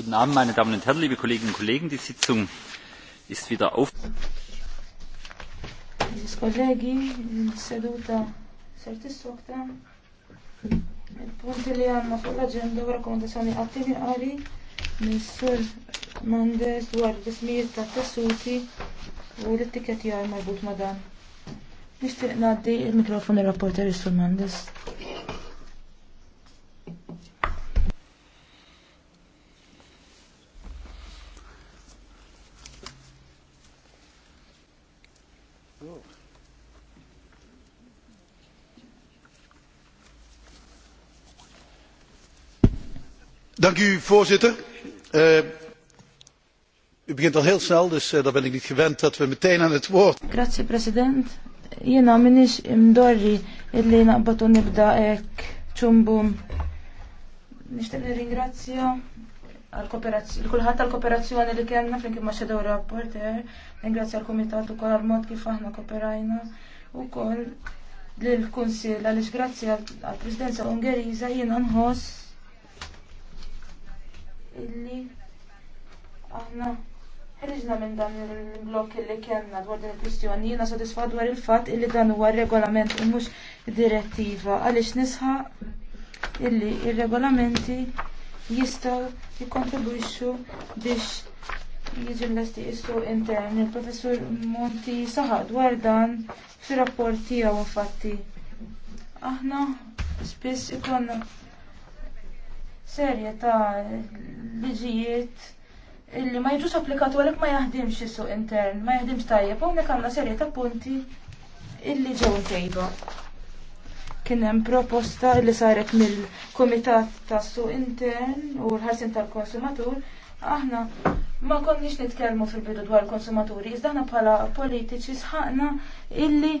Guten Abend, meine Damen und Herren, liebe Kolleginnen und Kollegen. Die Sitzung ist wieder auf. Il-punti li għanna fuq l-agenda u rakomendazzjoni għattini għali minn Mendes dwar l-ismijiet ta' tessuti u l-etiketti għal marbut ma' dan. Nishtiq naddi il-mikrofon il-rapporter sul Mendes. Voorzitter, uh, u begint al heel snel, dus uh, dan ben ik niet gewend dat we meteen aan het woord. Grazie, president. Jena minix imdorri illi naqbatu nibda ek ċumbum. Nishtan ringrazzja l-kulħat tal-kooperazzjoni li kienna fl-imkien ma' xedew rapporter, ringrazzja l-komitat u kol għal-mod kif aħna kooperajna u kol l-kunsil għalix grazzi għal-presidenza ungeriza jena nħoss illi aħna ħriġna minn dan il-blok illi kellna dwar din il-kwistjoni, jiena sodisfa' dwar il-fatt illi dan huwa regolament u mhux direttiva għaliex nisħa illi ir-regolamenti jistgħu jikkontribwixxu biex jiġu l-lesti issu intern. Il-professur Monti saħaq dwar dan fir rapport tiegħu fatti? Aħna spiss ikonna serje ta' liġijiet illi ma jiġux applikatu għalek ma jaħdimx is-suq intern, ma jaħdimx tajjeb, hawnhekk għandna serje ta' punti illi ġew tejba. Kien hemm proposta li saret mill-Kumitat tas-Suq Intern u l-ħarsin tal-Konsumatur, aħna ma konniex nitkellmu fil-bidu dwar konsumaturi, iżda aħna bħala politiċi sħaqna illi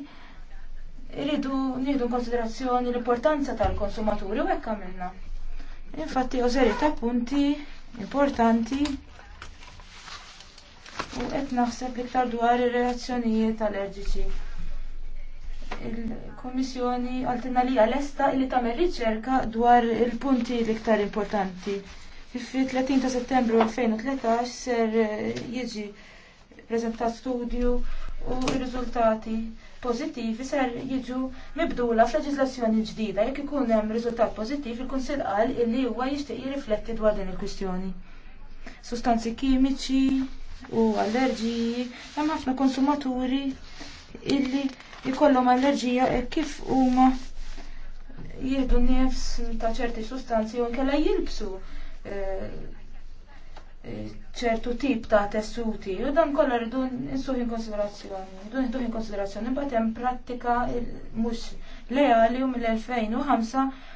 irridu nieħdu konsiderazzjoni l-importanza tal-konsumaturi u hekk għamilna. Infatti ho seri ta' punti importanti u qed naħseb iktar dwar ir-reazzjonijiet allerġiċi. Il-Kummissjoni għaltina li għal-esta li tagħmel riċerka dwar il-punti l-iktar importanti. Fi 30 ta' settembru 2013 ser jiġi preżentat studju u r-riżultati pożittivi ser jiġu mibdula fl-leġizlazzjoni ġdida. Jekk ikun hemm riżultat pożittiv, il-Kunsill qal illi huwa jixtieq jirrifletti dwar din il-kwistjoni. Sustanzi kimiċi u allerġiji, hemm ħafna konsumaturi illi jkollhom allerġija e kif huma jieħdu nnifs ta' ċerti sustanzi u nkella jilbsu eh, ċertu tip ta' tessuti, u dan kollha rridu nsuħ in konsiderazzjoni, rridu nsuħ in konsiderazzjoni, imbagħad hemm prattika mhux leali u mill-2005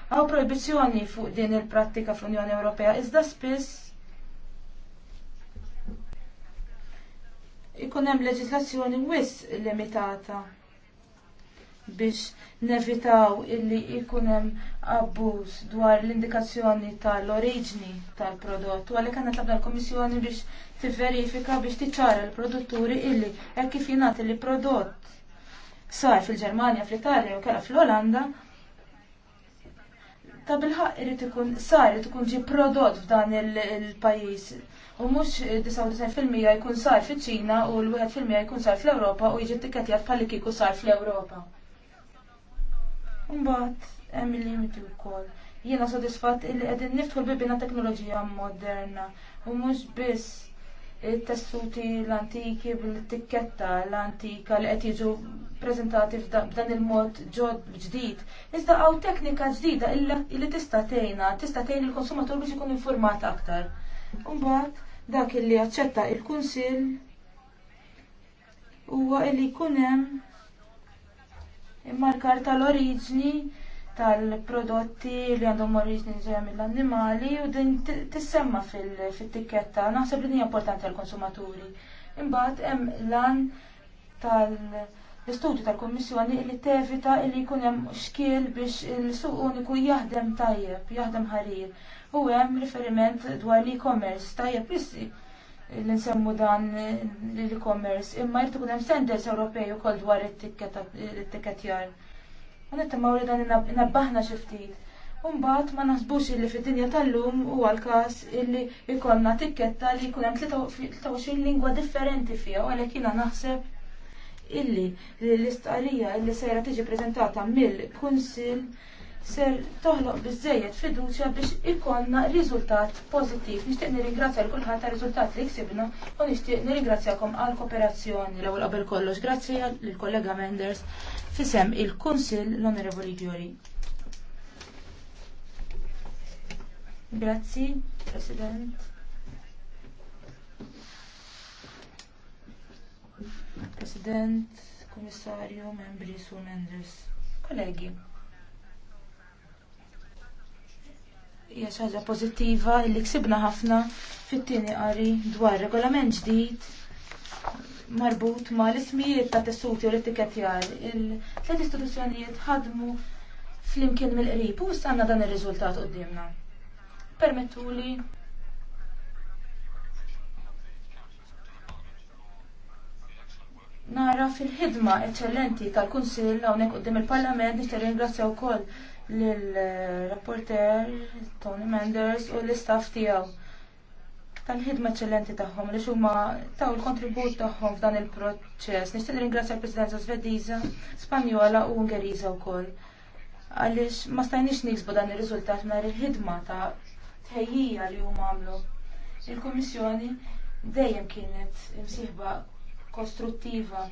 għaw proibizzjoni fuq din il-prattika fl-Unjoni Ewropea, iżda spiss ikun hemm leġislazzjoni wis limitata biex nevitaw illi jkun hemm abbuż dwar l-indikazzjoni tal-oriġni tal-prodott u għalhekk għandna tabla l-Kummissjoni biex tivverifika biex tiċċara l-produtturi illi hekk kif jingħati li prodott sar fil-Ġermanja, fl-Italja u kella fl-Olanda ta' bil-ħaq irrit ikun sar irrit ikun ġi prodott f'dan il-pajis. U mux 99% jkun sar fiċ ċina u l-1% jkun sar fl-Europa u jiġi t-tikketjat li kiku sar fl-Europa. Mbagħad hemm il-limiti wkoll. Jiena sodisfatt li qegħdin niftħu l-bibina teknoloġija moderna u mhux biss it-tessuti l-antiki bil-tikketta l-antika li qed jiġu preżentati b'dan il-mod ġod ġdid. Iżda hawn teknika ġdida illi tista' tgħinha, tista' tgħin il-konsumatur biex ikun informat aktar. Mbagħad dak illi aċċetta il-kunsill huwa illi jkun hemm imma l-karta l-oriġni tal-prodotti li għandhom oriġni ġeja mill-annimali u din tissemma fil-tikketta, naħseb li din importanti għal-konsumaturi. Imbagħad hemm lan tal-istudju tal-Kummissjoni li tevita li jkun hemm xkiel biex il-suq uniku jaħdem tajjeb, jaħdem ħarir. U hemm riferiment dwar l-e-commerce tajjeb li nsemmu dan l-e-commerce, imma jirtu kunem standards Ewropej u dwar it-tikketjar. Għan it-tamaw li dan nabbaħna xiftit. Umbat ma naħsbux illi fid-dinja tal-lum u għal-kas illi jkollna tikketta li jkun hemm 23 lingwa differenti fiha u għalhekk jiena naħseb illi l-istqarrija illi sejra tiġi preżentata mill-Kunsill ser toħloq biżejjed fiduċja biex ikollna riżultat pożittiv. Nixtieq nirringrazzja l kulħadd ta' riżultat li ksibna u nixtieq nirringrazzjakom għal kooperazzjoni l-ewwel qabel kollox. Grazzi lill kollega Menders fisem il-Kunsill l-Onorevoli Gjuri. Grazzi, President. President, Commissario, Membri, Su Menders, kollegi. hija xi ħaġa pożittiva li ksibna ħafna fit-tieni qari dwar regolament ġdid marbut ma l-ismijiet ta' tessuti u l-etikettjar. Il-tlet istituzzjonijiet ħadmu flimkien mill-qrib u stanna dan ir-riżultat qudiemna. Permettuli nara fil-ħidma eċċellenti tal-Kunsill hawnhekk qudiem il-Parlament nixtieq ringrazzja wkoll lill-rapporter Tony Menders u l-istaff tiegħu tal-ħidma eċċellenti tagħhom li huma taw il-kontribut tagħhom f'dan il-proċess. Nixtieq ringrazzja l-Presidenza Svediża, Spanjola u Ungeriża wkoll. Għaliex ma stajniex niksbu dan ir-riżultat nhar il-ħidma ta' tħejjija li huma għamlu. Il-Kummissjoni dejjem kienet imsieħba kostruttiva.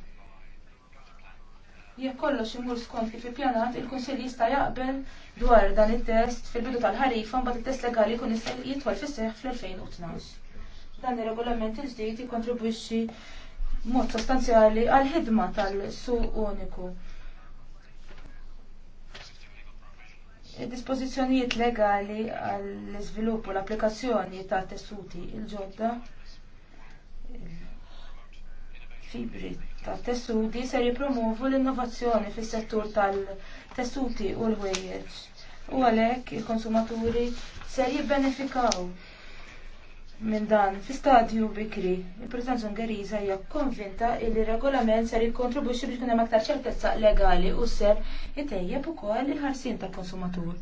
Jekk kollox imur skont kif ippjanat, il-Kunsill jista' jaqbel dwar dan it-test fil-bidu tal-ħarifa mbagħad it-test legali jkun jista' jidħol fis-seħħ fl-2012. Dan ir-regolament il-ġdid jikkontribwixxi b'mod sostanzjali għal ħidma tal-suq uniku. Dispożizzjonijiet legali għall iżvilupp u l-applikazzjoni ta' tessuti il-ġodda fibri ta' tessuti ser jipromovu l-innovazzjoni fis-settur tal-tessuti u l-ħwejjeġ. U għalhekk il-konsumaturi ser jibbenefikaw minn dan fi stadju bikri. Il-Presidenza Ungerisa hija konvinta li r regolament ser jikkontribwixxi biex kien hemm aktar ċertezza legali u ser jitejjeb ukoll il-ħarsien tal-konsumatur.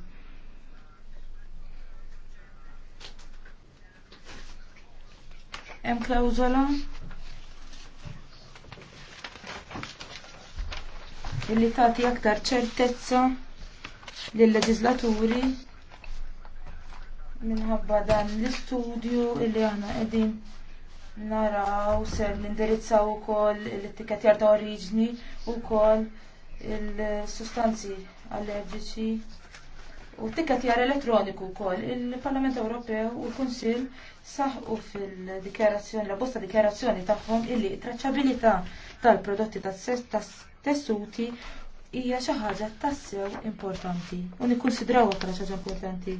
Hemm klawżola illi tagħti aktar ċertezza lill-leġislaturi minħabba dan l-istudju illi aħna qegħdin naraw ser nindirizzaw ukoll l-etikettjar ta' oriġni wkoll il-sustanzi allerġiċi u t-tikketjar elettroniku wkoll. Il-Parlament Ewropew u l-Kunsill saħqu fil-dikjarazzjoni, la bosta dikjarazzjoni tagħhom illi traċċabilità tal-prodotti tas tessuti hija xi ħaġa tassew importanti u nikkunsidrawha bħala xi ħaġa importanti.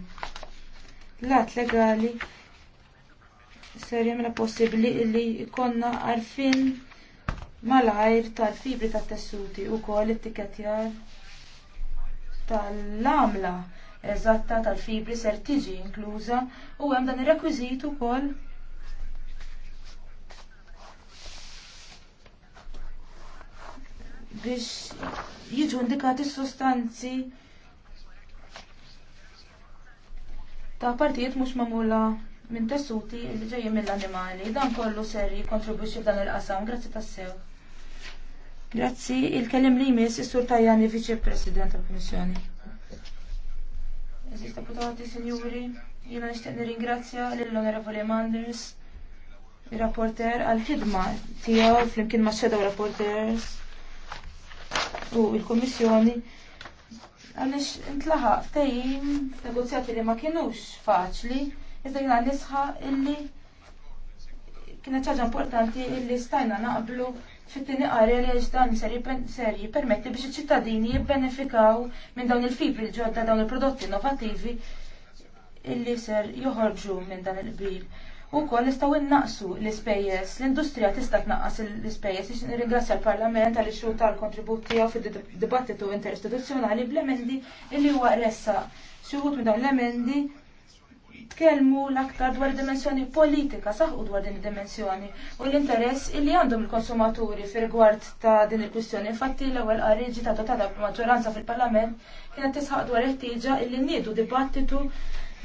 L-att legali ser jagħmilha possibbli li jkollna għarfien malajr tal-fibri tat-tessuti wkoll it-tikketjar tal-għamla eżatta tal-fibri ser tiġi inkluża u hemm dan ir-rekwiżit ukoll biex jiġu indikati sostanzi ta' partijiet mhux magħmula minn tessuti li ġejjin mill-annimali. Dan kollu ser jikkontribwixxi f'dan il-qasam. Grazzi tas-sew. Grazzi, il-kellim li jmiss is-Sur Tajani Viċi President tal-Kummissjoni. Eżis deputati, sinjuri, jiena nixtieq nirringrazzja lill-Onorevoli Manders, ir rapporter għall-ħidma tiegħu flimkien ma' Shadow Rapporters u il kummissjoni għaliex intlaħa ftehim negozjati li ma kinux faċli, iżda jiena nisħa illi kienet ħaġa importanti illi stajna naqblu fit-tieni qari li dan ser jippermetti biex iċ-ċittadini jibbenefikaw minn dawn il-fibri l-ġodda dawn il-prodotti innovattivi illi ser joħorġu minn dan il bil U koll nistaw innaqsu l-ispejjeż. L-industrija tista' tnaqqas l-ispejjeż biex nirringrazzja l-Parlament għal ix-xogħol tal-kontribut tiegħu fid-dibattitu interistituzzjonali bl-emendi li huwa ressa. Xi wħud minn dawn l-emendi tkellmu l-aktar dwar dimensjoni politika saħ u dwar din id-dimensjoni u l-interess illi għandhom il-konsumaturi fir rigward ta' din il-kwistjoni. Infatti l-ewwel qarriġi ta' totata maġġoranza fil-Parlament kienet tisħaq dwar il tieġa illi nniedu dibattitu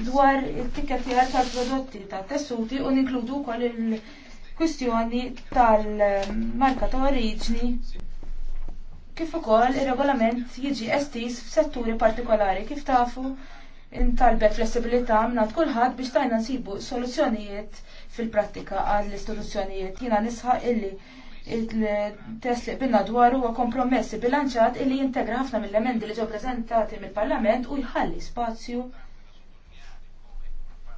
dwar it-tikketjar tal-prodotti ta' tessuti u ninkludu wkoll il-kwistjoni tal-marka ta' oriġni kif ukoll ir-regolament jiġi estis f'setturi partikolari kif tafu intalbet flessibilità mingħand kulħadd biex tajna nsibu soluzzjonijiet fil-prattika għall-istituzzjonijiet jiena nisħa illi il-test li dwar dwaru huwa kompromessi bilanċat illi jintegra ħafna mill-emendi li ġew preżentati mill-Parlament u jħalli spazju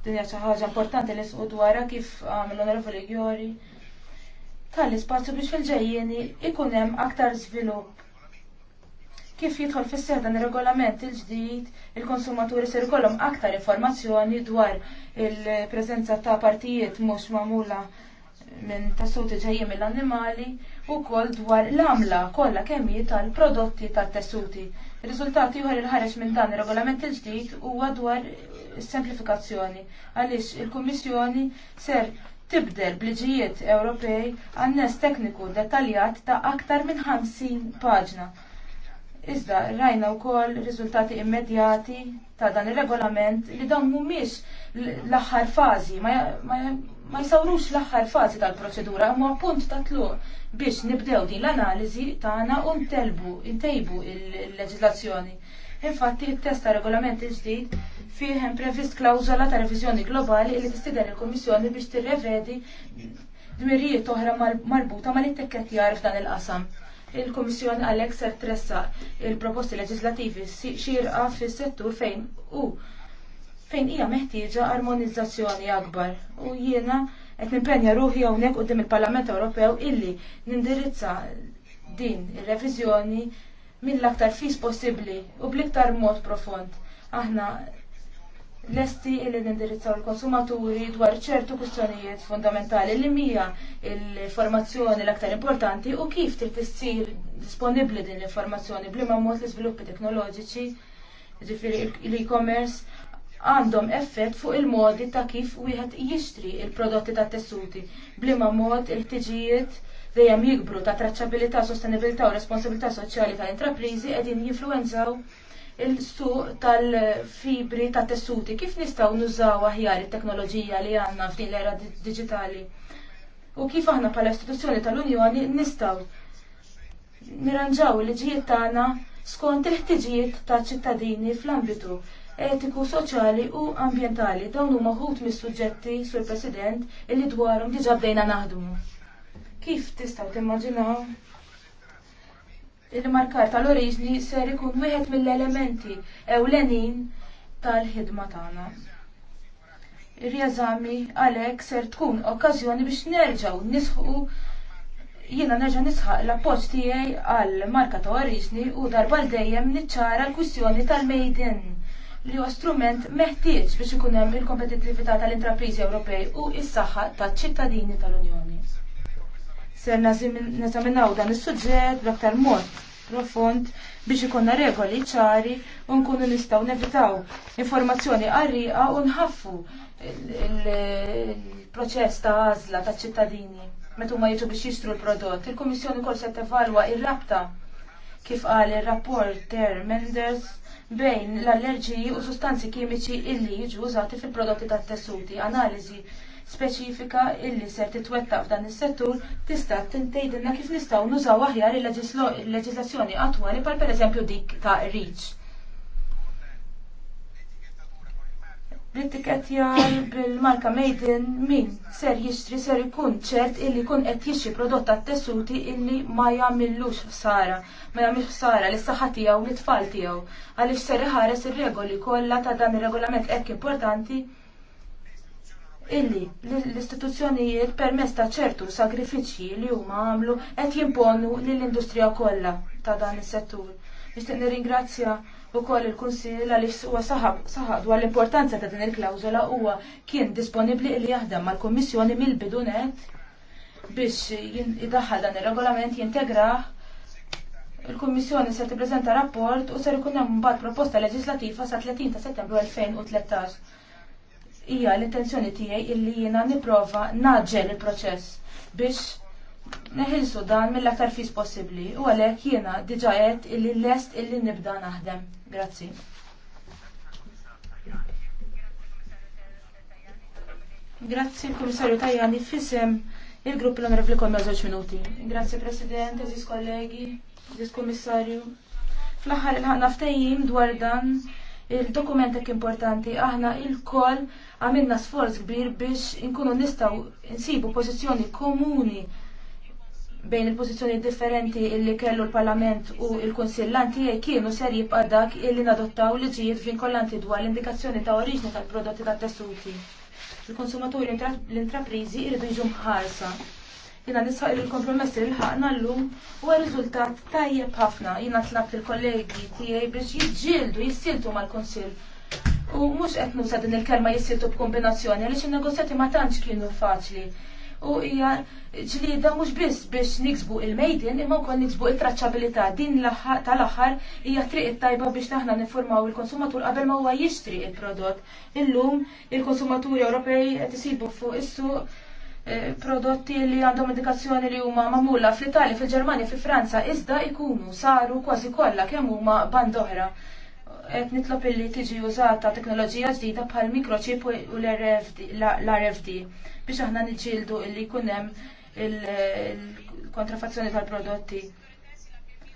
Dinja xi ħaġa importanti li squ dwarha kif għamlu l-onorevoli Gjori. spazju biex fil-ġejjeni ikun hemm aktar żvilupp. Kif jidħol fis seħħ dan ir-regolament il-ġdid, il-konsumaturi ser jkollhom aktar informazzjoni dwar il-preżenza ta' partijiet mhux magħmula minn tessuti ġejjin mill-annimali u kol dwar l għamla kollha kemmijiet tal-prodotti tat-tessuti. Riżultati uħar il-ħareġ minn dan ir-regolament il-ġdid huwa dwar is-semplifikazzjoni għaliex il-Kummissjoni ser tibdel bliġijiet Ewropej għannes tekniku dettaljat ta' aktar minn 50 paġna. Iżda rajna wkoll riżultati immedjati ta' dan ir-regolament li dawn mhumiex l-aħħar fażi ma jsawrux l-aħħar fażi tal-proċedura, imma punt ta' tluq biex nibdew din l-analiżi tagħna u ntelbu ntejbu il-leġiżlazzjoni. Infatti, t-testa-regolamenti ġdid fieħem previst klawżola ta' revizjoni globali li tistider il-Kummissjoni biex tirrevedi dmirijiet oħra marbuta t-tekket ittekkettjar f'dan il-qasam. Il-Kummissjoni għalhekk ser tressa il-proposti leġislativi xirqa fis-settur fejn u fejn hija meħtieġa armonizzazzjoni akbar u jiena qed nimpenja ruħi hawnhekk quddiem il-Parlament Ewropew illi nindirizza din ir-reviżjoni mill-aktar fis possibbli u bl-iktar mod profond aħna lesti illi nindirizzaw il-konsumaturi dwar ċertu kwistjonijiet fundamentali li mija il-formazzjoni l-aktar importanti u kif trid issir disponibbli din l-informazzjoni blima mod l-iżviluppi teknoloġiċi, ġifieri l-e-commerce għandhom effett fuq il-modi ta' kif wieħed jixtri il-prodotti ta' tessuti blima mod il-ħtiġijiet dejjem jikbru ta' traċċabilità, sostenibilità u responsabilità soċjali tal-intrapriżi qegħdin jinfluwenzaw il-suq tal-fibri ta' tessuti. Kif nistaw nużaw aħjar it-teknoloġija li għanna f'din l-era digitali? U kif aħna pala istituzzjoni tal-Unjoni nistaw niranġaw il ġijiet tagħna skont il-ħtiġijiet ta' ċittadini fl-ambitu etiku, soċjali u ambientali. Dawn huma ħut mis-suġġetti sur President illi dwarhom diġà bdejna naħdmu. Kif tistgħu timmaġinaw il-markar tal-oriġni ser ikun wieħed mill-elementi ewlenin tal-ħidma tagħna. Ir-rjeżami għalhekk ser tkun okkażjoni biex nerġgħu nisħu jiena nerġa' nisħaq l-appoġġ tiegħi għal marka ta' oriġni u darba l dejjem niċċara l-kwistjoni tal-made li huwa strument meħtieġ biex ikun hemm il-kompetittività tal-intrapriżi Ewropej u s-saħħa taċ-ċittadini tal-Unjoni ser nazaminaw dan is-suġġett l aktar mod profond biex ikonna regoli ċari u nkunu nistgħu nevitaw informazzjoni għarriqa u nħaffu il-proċess ta' għażla ta' ċittadini meta huma jiġu biex jistru l-prodott. Il-Kummissjoni kol se tevalwa il rabta kif qal rapport rapporter Menders bejn l-allerġiji u sustanzi kimiċi illi jiġu użati fil-prodotti tat-tessuti. Analiżi speċifika illi ser titwettaq f'dan is-settur tista' tintejdilna kif nistgħu nużaw aħjar il-leġislazzjoni attwali bħal pereżempju dik ta' REACH. L-etiket bil-marka Made in min ser jixtri ser ikun ċert illi kun qed jixtri prodott tat-tessuti illi ma jagħmilux ħsara, ma jagħmilx ħsara lis saħħa tiegħu u l-tfal tiegħu għaliex ser iħares ir-regoli kollha ta' dan ir-regolament hekk importanti illi l-istituzzjonijiet permess ta' ċertu sagrifiċċji li huma għamlu qed jimponu lill-industrija kollha ta' dan is-settur. Nixtieq nirringrazzja wkoll il-Kunsill għaliex huwa saħaq dwar l-importanza ta' din il-klawżola huwa kien disponibbli li jaħdem mal-Kummissjoni mill-bidu net biex jidaħħal dan ir-regolament jintegrah il-Kummissjoni se tippreżenta rapport u ser ikun hemm mbagħad proposta leġislativa sa 30 ta' Settembru 2013 hija l-intenzjoni tiegħi illi jiena nipprova naġġel il-proċess biex neħilsu dan mill-aktar fis possibbli u għalhekk jiena diġà qed illi lest illi nibda naħdem. Grazzi. Grazzi Kummissarju Tajani fisem il-grupp l-onorevoli komma żewġ minuti. Grazzi President, eżis kollegi, eżis Kummissarju. Fl-aħħar il-ħaqna dwar dan il dokument ek importanti aħna il-koll għamilna sforz kbir biex inkunu nistaw nsibu pozizjoni komuni bejn il-pozizjoni differenti illi kellu l-Parlament u l-Konsillanti jgħi kienu ser jibqa' dak illi nadottaw liġijiet vinkollanti dwar l-indikazzjoni ta' oriġni tal-prodotti tat tessuti. Il-konsumaturi l-intraprizi irridu jiġu mħarsa Jina nisħaq il-kompromess li ħaqna l-lum u riżultat tajjeb ħafna. Jina tlab il-kollegi tiegħi biex jiġġieldu, jissiltu mal-Konsil. U mhux qed sa din il-kelma jissiltu b'kombinazzjoni għaliex in-negozjati ma tantx kienu faċli. U hija ġlida mhux biss biex niksbu il mejdin imma wkoll niksbu il traċċabilità Din tal-aħħar hija triq tajba biex naħna nifurmaw il-konsumatur qabel ma huwa jixtri il-prodott. Illum il-konsumaturi Ewropej qed isibu fuq is-suq Eh, prodotti li għandhom indikazzjoni li huma magħmula fl-Italja, fil-Ġermanja, fi Franza, iżda ikunu saru kważi kollha kemm huma band oħra. Qed nitlob illi tiġi użata teknoloġija ġdida bħal mikroċip u l-RFD biex aħna niġġieldu illi jkun hemm il-kontrafazzjoni tal-prodotti.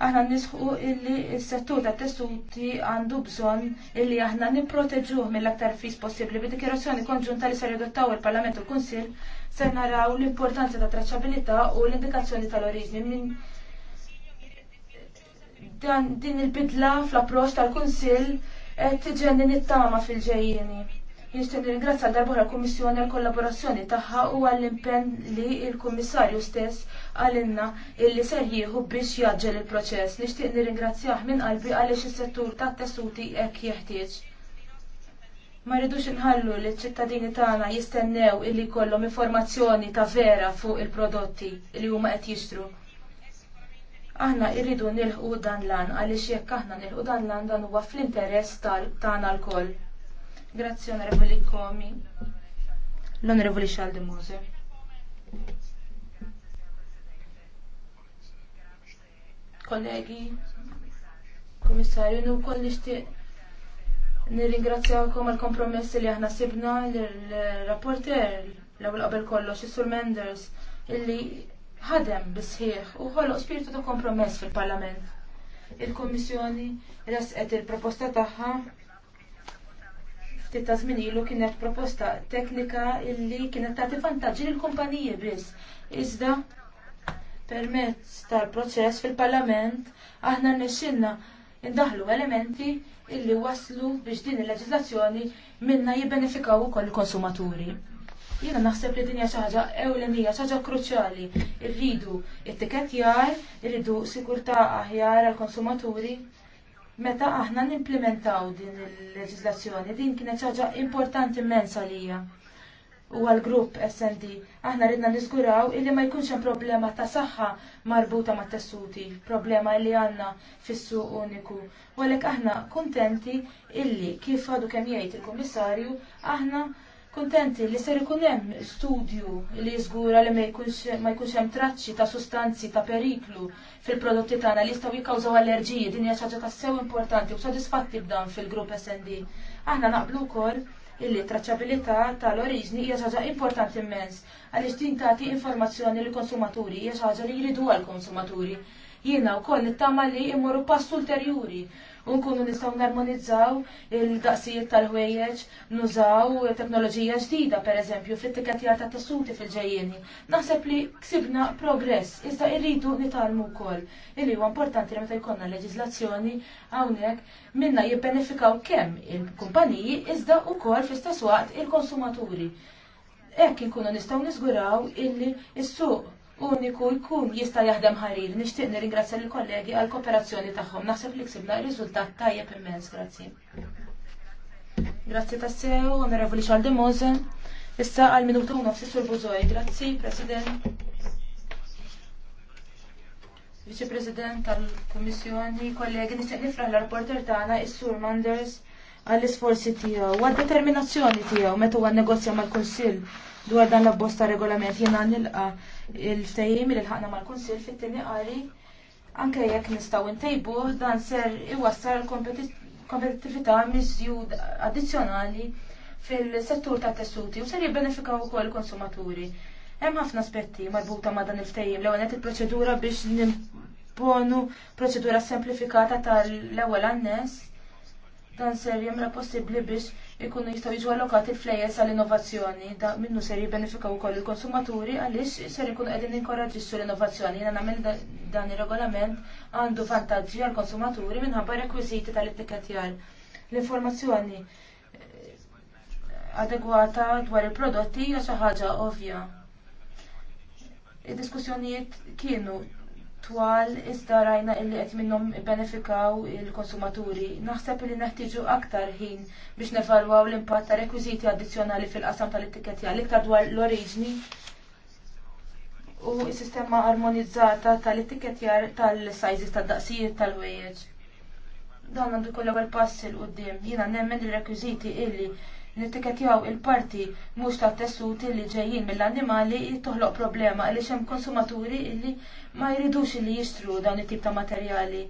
Aħna nisħu illi s-settur tat testuti għandu bżonn illi aħna nipproteġuh mill-aktar fis possibbli bi dikjerazzjoni konġunta li ser jadottaw il-Parlament u l kunsil se naraw l-importanza ta' traċċabilità u l-indikazzjoni tal-oriġni minn dan din il-bidla fl-approċ tal-Kunsill tiġenni nittama fil ġejjieni Nixtieq nirringrazzja l-darba l-Kummissjoni għall-kollaborazzjoni tagħha u għall-impenn li l-Kummissarju stess għalinna illi ser jieħu biex jaġġel il-proċess. Nixtieq nirringrazzjah minn qalbi għaliex is-settur tat-tessuti hekk jeħtieġ. Ma rridux inħallu li ċittadini tagħna jistennew illi jkollhom informazzjoni ta' vera fuq il-prodotti li huma qed jixtru. Aħna rridu nilħu dan lan għaliex jekk aħna nilħu dan lan dan huwa fl-interess tagħna lkoll. Grazzi Onorevoli Komi. L-Onorevoli Xaldi Mose. Kollegi, Komissarju, nu koll nixtieq Nirringrazzjakom għal kompromessi li aħna sibna l-rapporter l-ewwel qabel kollox is-Sur Menders illi ħadem bisħieħ u ħoloq spiritu ta' kompromess fil-Parlament. il kummissjoni rasqet il-proposta tagħha ftit ta' żmien ilu kienet proposta teknika illi kienet tagħti vantaġġi lill-kumpaniji biss. Iżda permezz tal-proċess fil-Parlament aħna nnexxinna indaħlu elementi illi waslu biex din il-leġislazzjoni minna jibbenefikaw ukoll il-konsumaturi. Jiena naħseb li din hija xi ħaġa ewlenija, xi kruċjali. Irridu it-tiketjar, irridu sigurtà aħjar għall-konsumaturi. Meta aħna nimplementaw din il-leġislazzjoni, din kienet xi ħaġa importanti immensa lija u għal-grupp SND. Aħna ridna nisguraw illi ma jkunx hemm problema ta' saħħa marbuta ma' tessuti, problema illi għandna fis-suq uniku. U għalhekk aħna kuntenti illi kif għadu kemm jgħid il-Kummissarju, aħna kuntenti li ser ikun hemm studju li jiżgura li ma jkunx hemm traċċi ta' sustanzi ta' periklu fil-prodotti tagħna li jistgħu jikkawżaw allerġiji din hija xi ħaġa tassew importanti u sodisfatti b'dan fil-grupp SND. Aħna naqblu wkoll illi traċċabilità tal-oriġni hija ħaġa importanti immens għaliex din tagħti informazzjoni lill konsumaturi hija ħaġa li jridu għall konsumaturi Jiena wkoll nittama li jmorru pass ulterjuri u nkunu nistgħu narmonizzaw il-daqsijiet tal-ħwejjeġ, nużaw teknoloġija ġdida pereżempju fit-tiketjar ta' tassuti fil-ġejjeni. Naħseb li ksibna progress, iżda irridu nitalmu wkoll. Illi huwa importanti li meta jkollna leġizlazzjoni hawnhekk minna jibbenefikaw kemm il-kumpaniji iżda wkoll fl-istess waqt il-konsumaturi. Ekk inkunu nistgħu niżguraw illi s-suq uniku jkun jista' jaħdem ħarir. Nixtieq nirringrazzja lill kollegi għal kooperazzjoni tagħhom. Naħseb li ksibna riżultat tajjeb immens, grazzi. Grazzi tassew, onorevoli Mose. Issa għal minutu u nofsi sur Buzoj. Grazzi, President. Vice President tal kummissjoni kollegi, nixtieq nifraħ l-rapporter tagħna is-Sur Manders għall-isforzi tiegħu, għal determinazzjoni tiegħu meta huwa negozja mal-Kunsill dwar dan l abbosta ta' regolament jiena nilqa il-ftehim li ħaqna mal-Kunsill fit-tieni qari anke jekk nistgħu ntejbu dan ser iwassal kompetittività miżjud addizzjonali fil-settur ta' tessuti u ser jibbenefikaw ukoll il-konsumaturi. Hemm ħafna aspetti marbuta ma' dan il-ftehim l-ewwel il-proċedura biex nimponu proċedura semplifikata tal-ewwel għan-nies dan ser jemra possibbli biex ikunu jistgħu jiġu allokati flejjes għall innovazzjoni da minnu ser u koll il-konsumaturi għaliex ser ikunu qegħdin inkoraġġixxu l-innovazzjoni. jena nagħmel dan ir-regolament għandu vantaġġi għall konsumaturi minħabba rekwiżiti tal-etikettjar. L-informazzjoni eh, adegwata dwar il-prodotti hija xi ħaġa ovvja. Id-diskussjonijiet kienu twal iżda rajna illi qed minnhom benefikaw il-konsumaturi. Naħseb li neħtieġu aktar ħin biex nevalwaw l-impatt ta' rekwiżiti addizzjonali fil-qasam tal-ittiketti għal-iktar dwar l-oriġni u s-sistema armonizzata tal-ittikettjar tal-sajżis tad-daqsijiet tal wejjeġ Dan għandu kollha ewwel pass il qudiem Jiena nemmen il-rekwiżiti illi nittiketjaw il-parti mhux ta' tessuti li ġejjin mill-annimali toħloq problema għaliex hemm konsumaturi li ma jridux li jixtru dawn it-tip ta' materjali.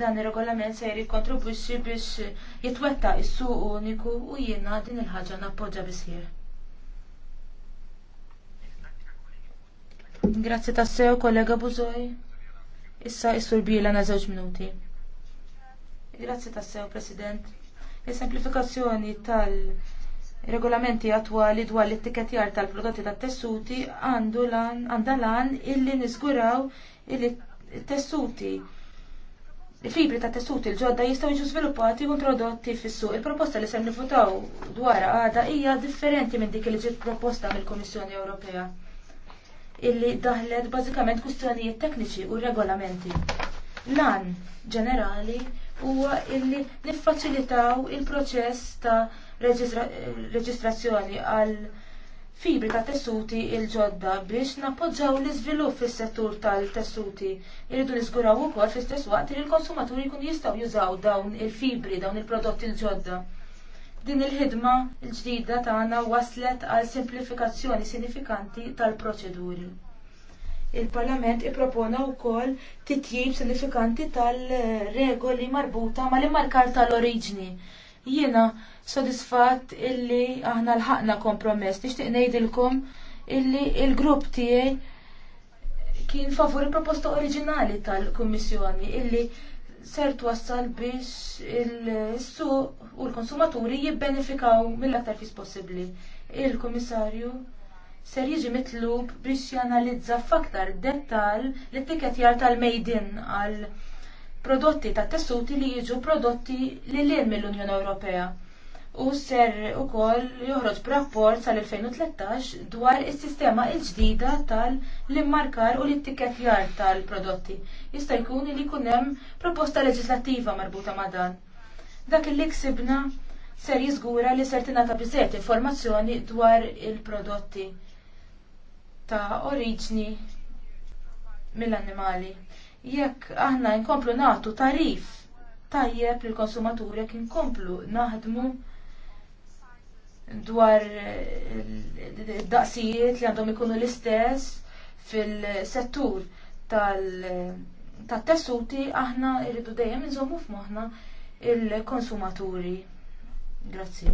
Dan ir-regolament se jikkontribwixxi biex jitwetta is-suq uniku u jiena din il-ħaġa nappoġġa bisħieħ. Grazzi tassew, kollega Buzoj. Issa is-sur bila na żewġ minuti. Grazzi tassew, President. Il-semplifikazzjoni tal- regolamenti attwali dwar l-ittiketjar tal-prodotti tat-tessuti għandu lan għandha lan illi niżguraw illi tessuti il-fibri ta' tessuti l-ġodda jistgħu jiġu sviluppati u introdotti fis-suq. Il-proposta li se nifutaw dwar għada hija differenti minn dik li ġiet proposta mill-Kummissjoni Ewropea illi daħlet bażikament kwistjonijiet tekniċi u regolamenti. Lan ġenerali huwa illi niffaċilitaw il-proċess ta' reġistrazzjoni għal fibri ta' tessuti il-ġodda biex nappoġġaw l-iżvilupp fis-settur tal-tessuti. Irridu niżguraw ukoll fl-istess waqt li l-konsumaturi jkun jistgħu jużaw dawn il-fibri, dawn il-prodotti l-ġodda. Din il-ħidma l-ġdida tagħna waslet għal simplifikazzjoni sinifikanti tal-proċeduri. Il-Parlament ippropona wkoll titjib sinifikanti tal-regoli marbuta mal-immarkar tal-oriġni Jiena sodisfatt illi aħna l-ħakna kompromess. Nixtieq ngħidilkom illi il-grupp tiegħi kien favur il-proposta oriġinali tal-Kummissjoni illi ser twassal biex il-suq u l-konsumaturi jibbenefikaw mill-aktar fis possibbli. Il-Kummissarju ser jiġi mitlub biex janalizza f'aktar dettal l-etikettjar tal-Mejdin għal prodotti ta' tessuti li jiġu prodotti li l mill-Unjoni Ewropea. U ser u joħroġ b'rapport sal-2013 dwar is sistema il-ġdida tal-immarkar u l-ittiketjar tal-prodotti. Jista' jkun li hemm proposta leġislattiva marbuta ma' dan. Dak li ksibna ser jiżgura li ser tingħata biżżejjed informazzjoni dwar il-prodotti ta' oriġni mill-annimali jekk aħna nkomplu nagħtu tarif tajjeb lill konsumaturi jekk inkomplu naħdmu dwar id-daqsijiet eh, li għandhom ikunu l-istess fil-settur tal-tessuti aħna irridu dejjem inżommu f'moħħna il-konsumaturi. Grazzi.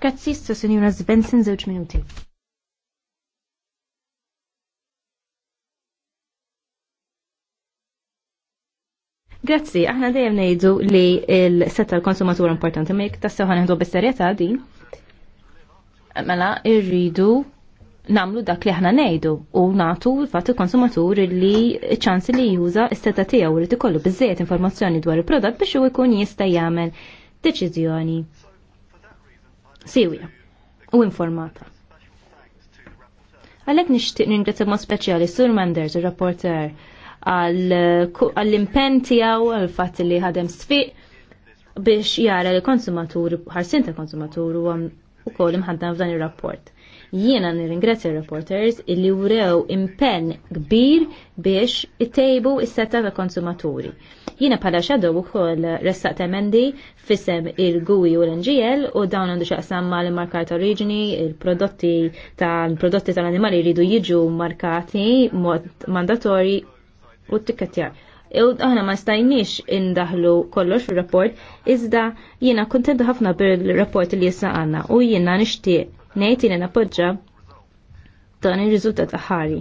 Grazzi, Sinjura Svensen, żewġ minuti. Grazzi, aħna dejjem ngħidu li l-setta tal konsumatur importanti, ma jek tassew ħanħdu bis-serjetà din. Mela irridu namlu dak li aħna ngħidu u nagħtu fatt il-konsumatur li ċ-ċansi li juża s-seta tiegħu li ikollu biżejjed informazzjoni dwar il-prodott biex hu jkun jista' jagħmel deċiżjoni siwja u informata. Għalhekk nixtieq ningrazzja mod speċjali Sur Manders, ir-rapporter għall-impen tiegħu għall-fatt li ħadem sfiq biex jara li konsumatur, ħarsin ta' konsumatur u wkoll ħaddan f'dan ir-rapport. Jiena nirringrazzja reporters illi wrew impenn kbir biex ittejbu is-setta ta' konsumaturi. Jiena pala xadow ukoll ressaq temendi fisem il-GUI u l-NGL u dawn għandu xaqsam ma l markata ta' oriġini, il-prodotti tal-prodotti tal-animali jridu jiġu markati mod mandatori u t U Aħna ma stajniex indaħlu kollox fil-rapport, iżda jiena kontentu ħafna bil-rapport li jessa għanna u jiena nishtiq nejt jena napodġa dan il rizultat ħari.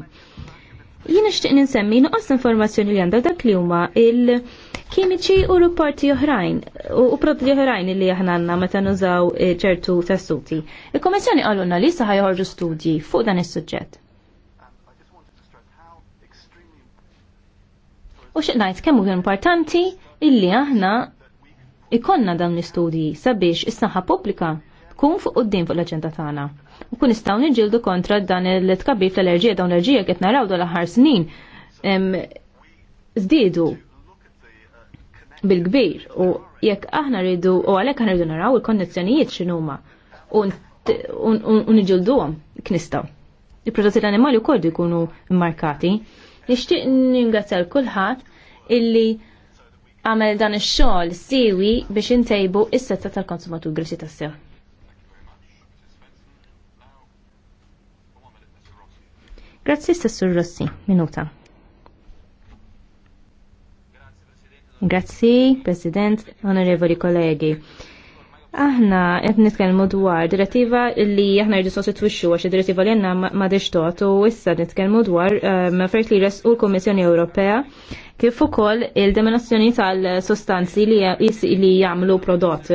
Jiena nixtieq ninsemmi nuqqas informazzjoni li għandha dak li huma il-kimiċi u rapporti oħrajn u prodotti oħrajn li aħna għandna meta nużaw eh, ċertu tassuti. Il-Kommissjoni qalulna li saħħa joħorġu studji fuq dan is-suġġett. U x'najt kemm hu importanti illi aħna ikonna dawn l-istudji sabiex is-saħħa pubblika tkun fuq qudiem fuq l-aġenda tagħna. U kun nistgħu niġġieldu kontra dan il-tkabbir fl-allerġija dawn l-allerġija qed naraw dal aħħar snin żdiedu bil-kbir u jekk aħna rridu u għalhekk aħna rridu naraw il-konnezzjonijiet x'inhuma u niġilduhom knistgħu. Il-prodotti l-animali wkoll jkunu immarkati Nixtieq ningrazzja l-kulħadd illi għamel dan ix-xogħol siwi biex intejbu is-setta tal-konsumatur Grissi tassew. Grazzi Sessur Rossi, minuta. Grazzi, President, onorevoli kollegi. Aħna qed nitkellmu dwar direttiva li aħna rridu sostitwixxu għax id-direttiva li għandna ma dixtot u issa nitkellmu dwar um, Fair Clearance u l-Kummissjoni Ewropea kif ukoll il diminuzzjoni tal-sostanzi li jagħmlu prodott.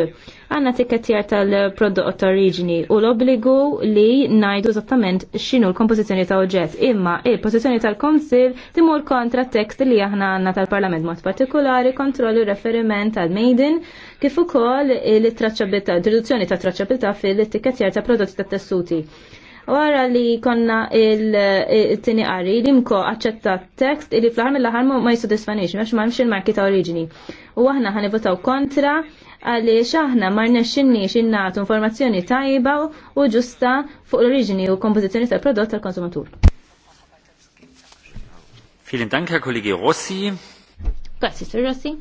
Għanna tikketjar tal-prodott oriġini u l-obbligu li najdu eżattament x'inhu l-kompożizzjoni ta' oġġett, imma il-pożizzjoni tal-Konsil timur kontra tekst li aħna għandna tal-Parlament mod partikolari kontrollu referiment tal-Maiden kif ukoll il-traċċabilità, introduzzjoni ta' traċċabilità fil-tikketjar ta' prodotti ta' tessuti Wara li konna il-tini qari li mko aċċettat tekst li fl-ħar mill-ħar ma jisodisfanix, ma xmamx il-marki ta' oriġini. U aħna votaw kontra għalli xaħna ma rnexxinniex innatu informazzjoni tajba u ġusta fuq l-oriġini u kompożizzjoni tal-prodott tal-konsumatur. Vielen Dank, Herr Kollege Rossi. Grazie, Sir Rossi.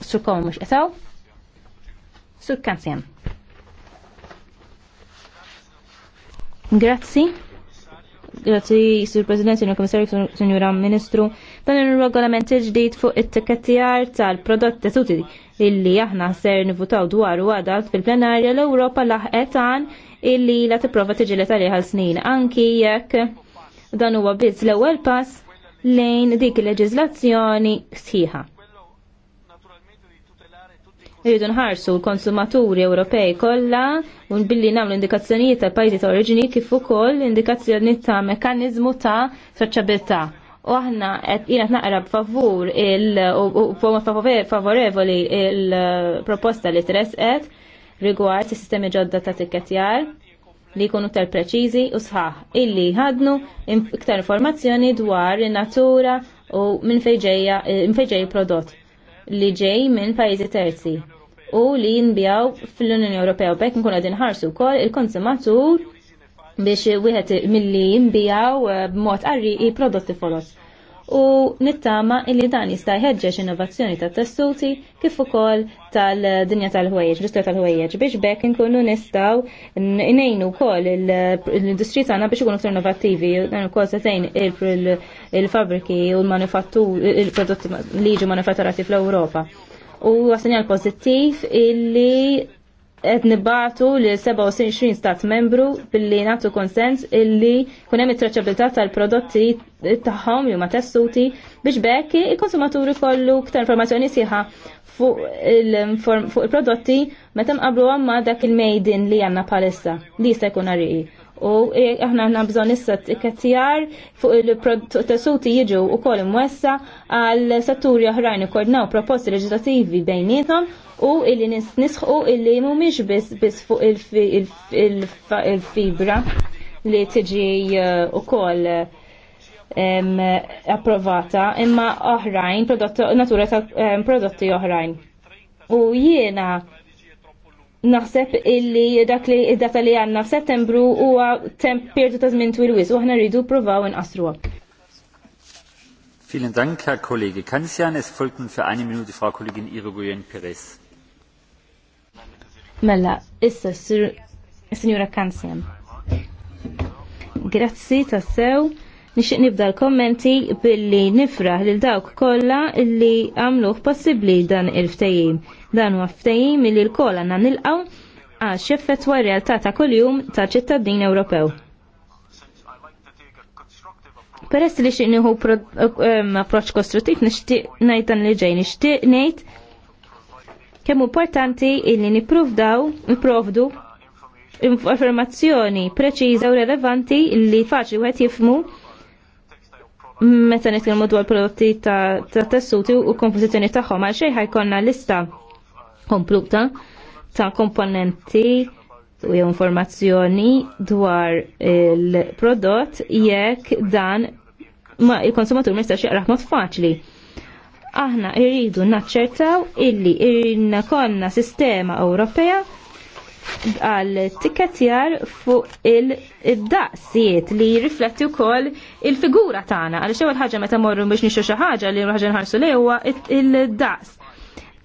Sur Komush, etaw? Sur Kansian. Grazzi. Grazzi, Sir President, Sir Komissarju, Sir Ministru. Dan il-regolament il-ġdid fuq it-tikettijar tal-prodotti tuti illi aħna ser nivutaw dwar u għadat fil-plenarja l-Europa laħqet għan illi la t-prova t-ġilet għal snin. Anki jekk dan huwa biss l-ewwel pass lejn dik il-leġizlazzjoni sħiħa irridu nħarsu l-konsumaturi Ewropej kollha u billi nagħmlu indikazzjonijiet tal pajjiżi ta' oriġini kif ukoll indikazzjoni ta' mekkaniżmu ta' traċċabilità. U aħna qed jiena naqra b'favur il favorevoli il-proposta li tresqet rigward is-sistemi ġodda ta' tikketjar li jkunu tal preċiżi u sħaħ illi ħadnu iktar informazzjoni dwar in-natura u minn fejn fejġej prodott li ġej minn pajjiżi terzi u li jinbjaw fl-Unjoni Ewropea u bekk nkun għadin ħarsu wkoll il-konsumatur biex wieħed milli jinbijaw eh, b'mod qarri prodotti folos. U nittama illi dan jista' jħeġġeġ innovazzjoni ta' tessuti kif ukoll tal-dinja tal-ħwejjeġ, l istoria tal-ħwejjeġ biex bekk inkunu nistgħu inejnu wkoll l-industrija tagħna biex ikunu innovattivi, dan ukoll se tgħin il-fabriki u l-manufattur il-prodotti li jiġu manufatturati fl-Ewropa u għasenjal pozittiv illi qed nibatu li 27 stat membru billi nagħtu konsens illi kun hemm it-traċabilità tal-prodotti tagħhom li huma tessuti biex bekk il-konsumaturi kollu ktar informazzjoni sieħa fuq il-prodotti meta mqablu ma dak il-made in li għandna palissa li jista' jkun għarriqi u e, aħna għanna bżon issa t-kattjar fuq il-tessuti jiġu u kol imwessa għal setturi oħrajn ikordnaw proposti leġislativi bejnietom u illi nisħu illi mumiex bis fuq il-fibra li tiġi e, u kol approvata imma oħrajn, natura ta' prodotti oħrajn. U jiena naħseb illi dak li id-data li għanna settembru huwa temp periodu ta' żmien twil wis u aħna rridu provaw inqasruha. Vielen Dank, Herr Kollege Kanzian. Es folgt nun für eine Minute Frau Kollegin Irigoyen Perez. Mella, issa, Signora Kanzian. Grazie, tassew. Nixtieq nibda l-kommenti billi nifraħ lil dawk kollha li għamluh possibbli dan il ftejim Dan huwa ftehim li l-koll għandna nilqgħu għax jeffettwa r-realtà ta' kuljum ta' ċittadin Ewropew. Peress li xie nieħu approċ kostruttiv nixtieq ngħid dan li ġej nixtieq ngħid kemm importanti illi nippruvdaw nipprovdu informazzjoni preċiża u relevanti li faċli wieħed jifmu meta nitkellmu dwar prodotti ta', tessuti u kompożizzjoni tagħhom għal xejn ħajkonna lista kompluta ta' komponenti u informazzjoni dwar il-prodott jekk dan ma il-konsumatur ma jistax jaqraħ mod faċli. Aħna irridu naċċertaw illi irna konna sistema Ewropea għal tikkatjar fuq il-daqsijiet li jirrifletti wkoll il-figura tagħna għal xewel ħaġa meta morru biex nixxu xi ħaġa li ħaġa nħarsu li huwa il-daqs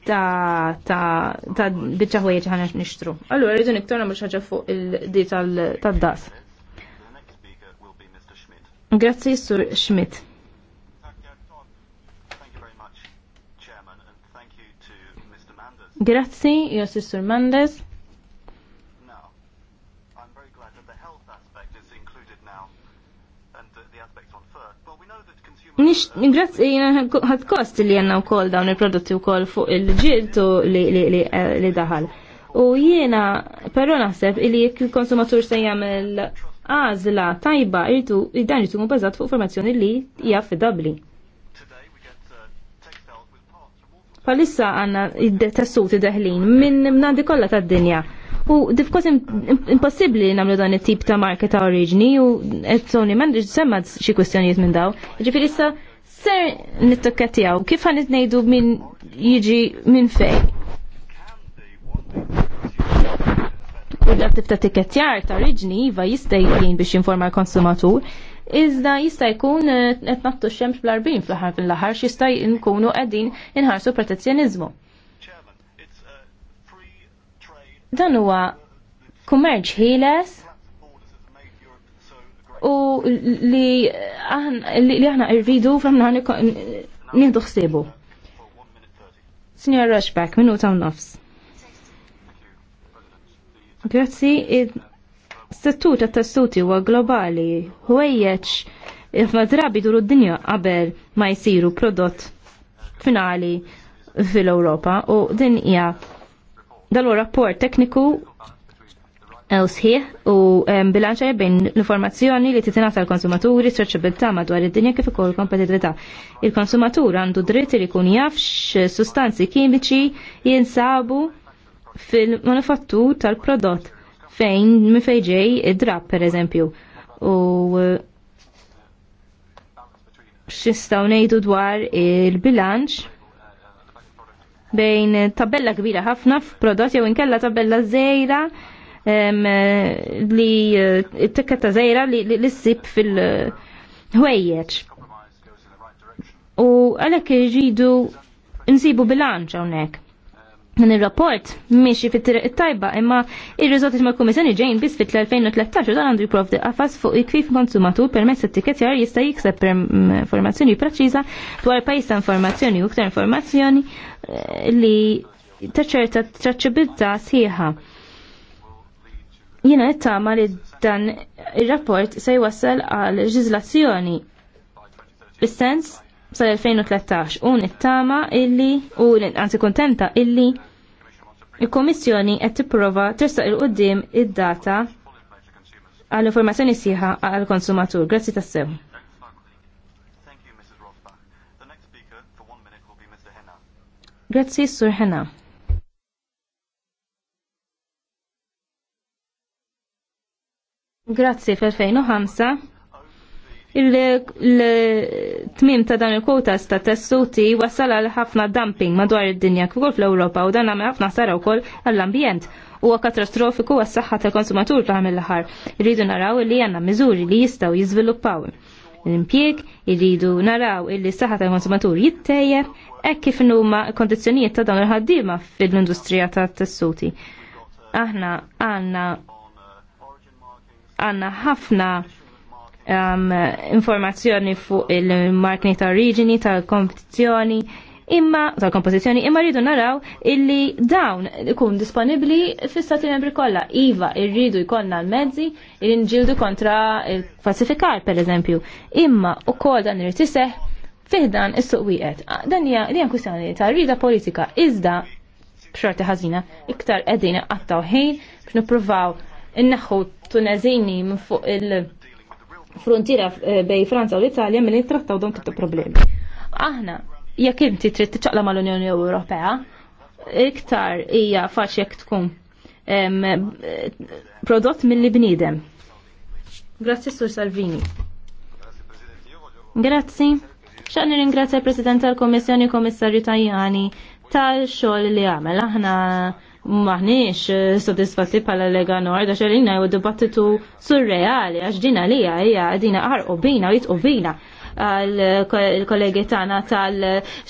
ta' ta' ta' biċċa ħana nixtru. Allura rridu niktorna mhux ħaġa fuq il-di tal daqs Grazzi Sur Schmidt. Grazzi, Jossi Sur Mendes. Ingrazzi ħad kost li jenna u kol dawn il-prodotti u kol fuq il-ġiltu li eh, daħal. U jiena, pero naħseb li jekk il-konsumatur se jagħmel għażla tajba id dan irtu mubazat fuq formazzjoni li hija fidabbli. Palissa għanna id-tessuti daħlin minn mnadi kollha tad-dinja U diffkos impossibli namlu dan it-tip ta' marka ta' oriġni u etzoni m'għandix semma xi kwestjonijiet minn daw. Ġifiri issa ser nittokka kif għan ngħidu minn jiġi minn fej. U l-attiv ta' tikketjar ta' oriġni iva jista' jkun biex jinforma l-konsumatur. Iżda jista' jkun eh, qed nattu xemx bl-arbin fl-aħħar fil-aħħar x'jista' jkunu qegħdin inħarsu protezzjoniżmu. Dan huwa kummerġ ħieles u li aħna irridu framna nieħdu ħsiebu. Signor Rushback, minuta u nofs. Grazzi, settur ta' tassuti huwa globali, huwejjeċ ma drabi duru d-dinja qabel ma jisiru prodott finali fil-Europa u din hija dal rapport tekniku ew u bilanċa bejn l-informazzjoni li titinata l-konsumaturi, s-soċibilità madwar id-dinja kif ukoll kompetitività. Il-konsumatur għandu dritt li jkun jaf sustanzi kimiċi jinsabu fil-manufattur tal-prodott fejn mifejġej id-drab per eżempju. U eh, xistaw nejdu dwar il-bilanċ bejn tabella kbira ħafna f'prodott jew inkella tabella żgħira li eh, t-tikketta żejra li ssib fil-ħwejjeġ. U għalhekk iġidu nsibu bilanċ hawnhekk. Min il-rapport miexi fit it tajba imma il-rizultati ma' kummissjoni ġejn bis fit l-2013 u dan għandu jiprovdi għafas fuq il-kif konsumatur permezz it-tikketjar jista' jikseb informazzjoni preċiża dwar pajis ta' informazzjoni u iktar informazzjoni eh, li taċerta traċċibilità sħiħa. Jiena nittama li dan il-rapport se jwassal għal leġiżlazzjoni bis-sens sal-2013 u nittama illi u anzi kontenta illi il-Komissjoni qed tipprova tersaq il qudiem id-data għall informazzjoni sieħa għall konsumatur. Grazzi tassew. Grazzi, Sur Hena. Grazzi fil-2005 il-tmim ta' dan il-kotas ta' tessuti wasal għal ħafna dumping madwar id-dinja kif ukoll fl-Ewropa u dan għamel ħafna sara wkoll għall-ambjent u katastrofiku għas saħħa tal-konsumatur fl mill-aħħar. Irridu naraw li għandna miżuri li jistgħu jiżviluppaw l-impjeg, irridu naraw illi s-saħħa tal-konsumatur jittejjeb, hekk kif huma kondizzjonijiet ta' dawn il-ħaddiema fil-industrija ta' tessuti Aħna għandna għandna ħafna um, informazzjoni fuq il-markni ta' origini, ta' kompetizjoni, imma ta' kompozizjoni, imma rridu naraw illi dawn ikun disponibli fis-stati membri kollha. Iva, irridu jkollna l-mezzi illi nġildu kontra il-falsifikar, per eżempju. Imma u kol dan irrid iseħ fiħdan is-suq wieqed. Ah, dan hija li kwistjoni ta' rrida politika iżda b'xorti ħażina iktar qegħdin qattaw ħin biex nippruvaw inneħħu tuneżini minn fuq il- frontiera eh, bej Franza u l-Italja milli nittrattaw dawn tip problemi. Aħna, jekk inti trid tiċċaqla mal-Unjoni Ewropea, iktar hija faċ jekk tkun prodott mill bniedem. Grazzi Sur Salvini. Grazzi. Xaqni ringrazzja il-President tal komissjoni Kommissarju Tajani tal-xogħol li għamel. Aħna maħniex eh, soddisfatti pala Lega Nord għax għalina u dibattitu surreali għax dina lija hija dina ħarqu bina u bina għal-kollegi tagħna tal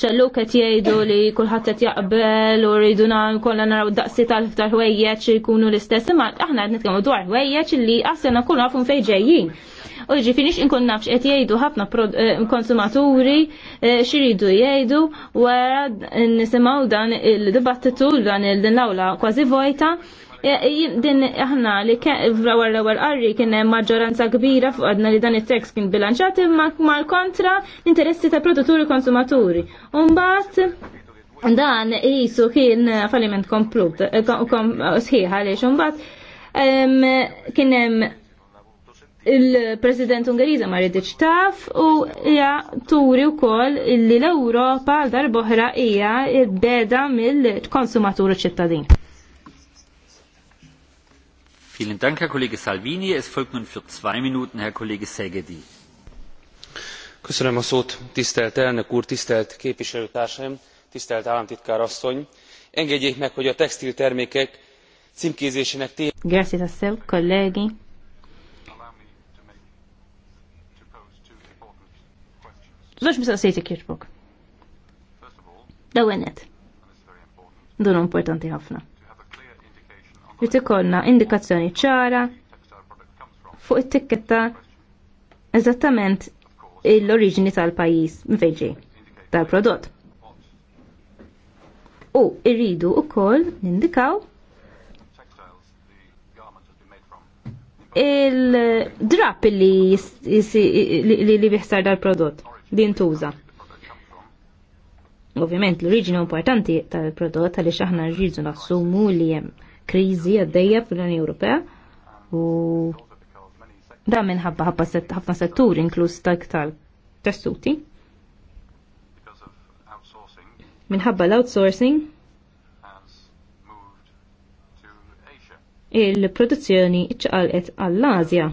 xalluk qed jgħidu li kulħadd qed jaqbel u rridu kollha naraw daqsi tal-ftar ħwejjeġ ikunu l-istess imma aħna qed nitkellmu dwar ħwejjeġ li aħsena kun nafhom fejn ġejjin. U finix jiġifieri inkun nafx qed jgħidu ħafna eh, konsumaturi eh, xiridu jgħidu wara nisimgħu dan il-dibattitu dan il-din l-awla kważi vojta Eh, din aħna li fl l-ewwel qarri kien hemm maġġoranza kbira fuq għadna li dan it-tekst kien bilanċat imma mal-kontra l-interessi ta' produtturi konsumaturi. U mbagħad dan isu kien falliment komplut, eh, sħiħ għaliex mbagħad kien hemm il-President Ungeriża ma rridx taf u hija turi wkoll li l-Ewropa għal darboħra hija beda mill-konsumatur ċittadin. Vielen Dank, Herr Kollege Salvini. Es folgt nun für zwei Minuten Herr Kollege Segedi. Köszönöm a szót, tisztelt elnök úr, tisztelt képviselőtársaim, tisztelt államtitkár asszony. Engedjék meg, hogy a textiltermékek címkézésének tény... a li tikonna indikazzjoni ċara fuq it-tikketta eżattament l-oriġini tal-pajis mveġi, tal-prodott. U irridu u koll nindikaw il-drap li li biħsar dal-prodott din tuża. Ovvjament l-oriġini importanti tal-prodott għaliex aħna rridu nassumu li hemm kriżi għaddejja fil unjoni Ewropea u da minħabba ħafna settur inkluż dak tal-tessuti. Minħabba l-outsourcing il-produzzjoni iċċaqalqet għall-Azja.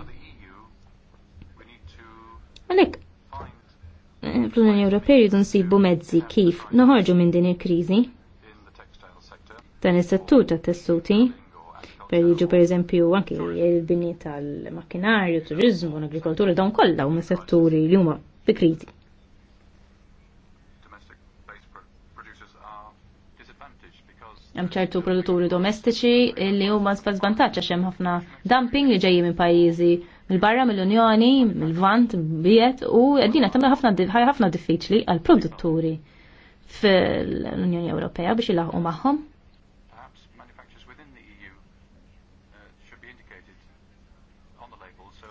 Għalek, eh, fl-Unjoni Ewropea jridu nsibu mezzi kif noħorġu minn din il-kriżi dan is-settur ta' tessuti per jiġu per eżempju anki il-bini tal-makkinarju, turizmu, l-agrikoltura, dawn kollha huma setturi li huma bikriti. Hemm ċertu produtturi domestiċi li huma żvantaġġ għax hemm ħafna dumping li ġejji minn pajjiżi mill-barra mill-Unjoni, mill-Vant, biet u għedina tamla ħafna diffiċli għal produtturi fl-Unjoni Ewropea biex ilaħqu magħhom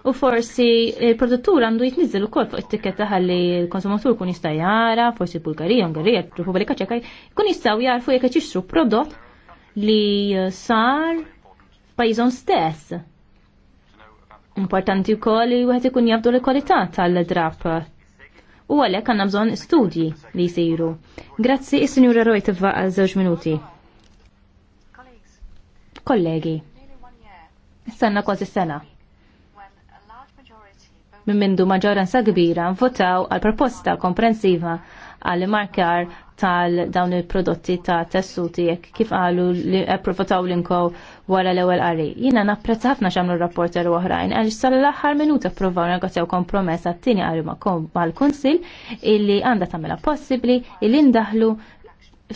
u forsi il-produttur għandu jitnizzel ukoll fuq it-tiketta ħalli l-konsumatur kun jista' jara, forsi Bulgarija, Ungarija, Republika Ċeka, kun jistgħu jarfu jekk qed prodott li sar pajjiżhom stess. Importanti wkoll li wieħed ikun jabdu l-kwalità tal-drab u għalhekk għandna bżonn studji li jsiru. Grazzi is-Sinjura Rojtiva għal żewġ minuti. Kollegi, istanna kważi sena minn mindu maġġoranza kbira votaw għal proposta komprensiva għal markar tal dawn il-prodotti ta' tessuti jekk kif għalu li approfotaw l-inkow wara l-ewwel qari. Jiena napprezza ħafna xamlu rapporter oħrajn għaliex sal-aħħar minuta provaw negozjaw kompromess għat-tieni kom mal-Kunsill illi għandha tagħmilha possibbli illi ndaħlu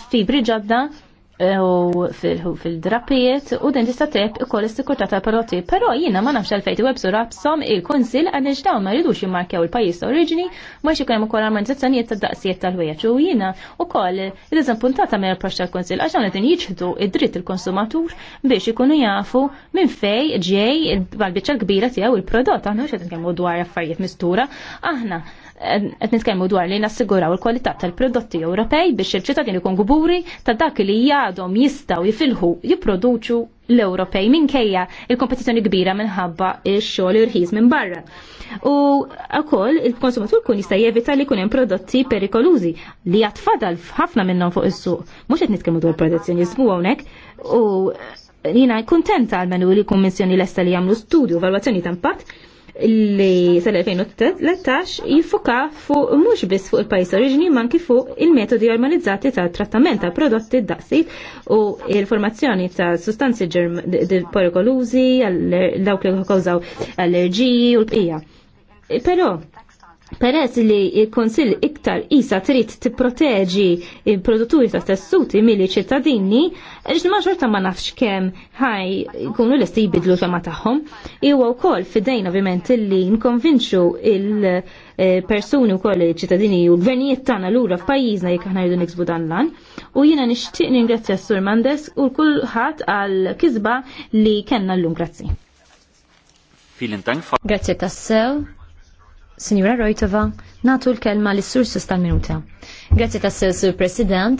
fibri ġodda u fil-drapijiet u din tista' teb ukoll is-sikurtà tal-prodotti. Però jiena ma nafx għalfejn iwebsu surabsom il-Kunsill għaliex dawn ma rridux jimmarkjaw il-pajjiż ta' oriġini ma ikun hemm ukoll armonizzazzjonijiet tad-daqsijiet tal-wieġ u jiena ukoll irriżen puntata minn approċċ tal-Kunsill għax dawn qed jiġħdu id-dritt il-konsumatur biex ikunu jafu minn fej ġej il-biċċa kbira tiegħu il-prodott aħna mhux qed dwar affarijiet mistura aħna qed nitkellmu dwar li nassiguraw il-kwalità tal-prodotti Ewropej biex il-ċittadini kun guburi ta' dak li jgħadhom jistgħu jifilħu jipproduċu l-Ewropej minkejja il-kompetizzjoni kbira minħabba ix-xogħol irħis minn barra. U wkoll il-konsumatur kun jista' jevita li jkun hemm prodotti perikolużi li jatfadal ħafna minnhom fuq is-suq. Mhux qed nitkellmu dwar protezzjonizmu hawnhekk u jiena kuntenta għal-menu li kummissjoni l-esta li jagħmlu studju valwazzjoni ta' impatt li sal-2013 jiffoka fuq mhux biss fuq il-pajjiż oriġini ma kifu il-metodi normalizzati ta' trattament ta' prodotti daqsit u l-formazzjoni ta' sustanzi porikolużi dawk li kkawżaw allerġiji u l-bqija. Però Peress li il-Konsil iktar isa trid tipproteġi il-produtturi ta' tessuti milli ċittadini, maġur ta' ma nafx kemm ħaj jkunu lest jibidlu ma tagħhom. Iwa wkoll fidejn ovvjament illi nkonvinċu il-persuni wkoll il-ċittadini u l-gvernijiet tagħna lura f'pajjiżna jekk aħna rridu niksbu dan lan. U jiena nixtieq ningrazzja s-Sur Mandes u l kulħadd għal kisba li kellna llum grazzi. Grazie tassew. Signora Rojtova, natu l-kelma l-sursus tal-minuta. Grazie ta' sur President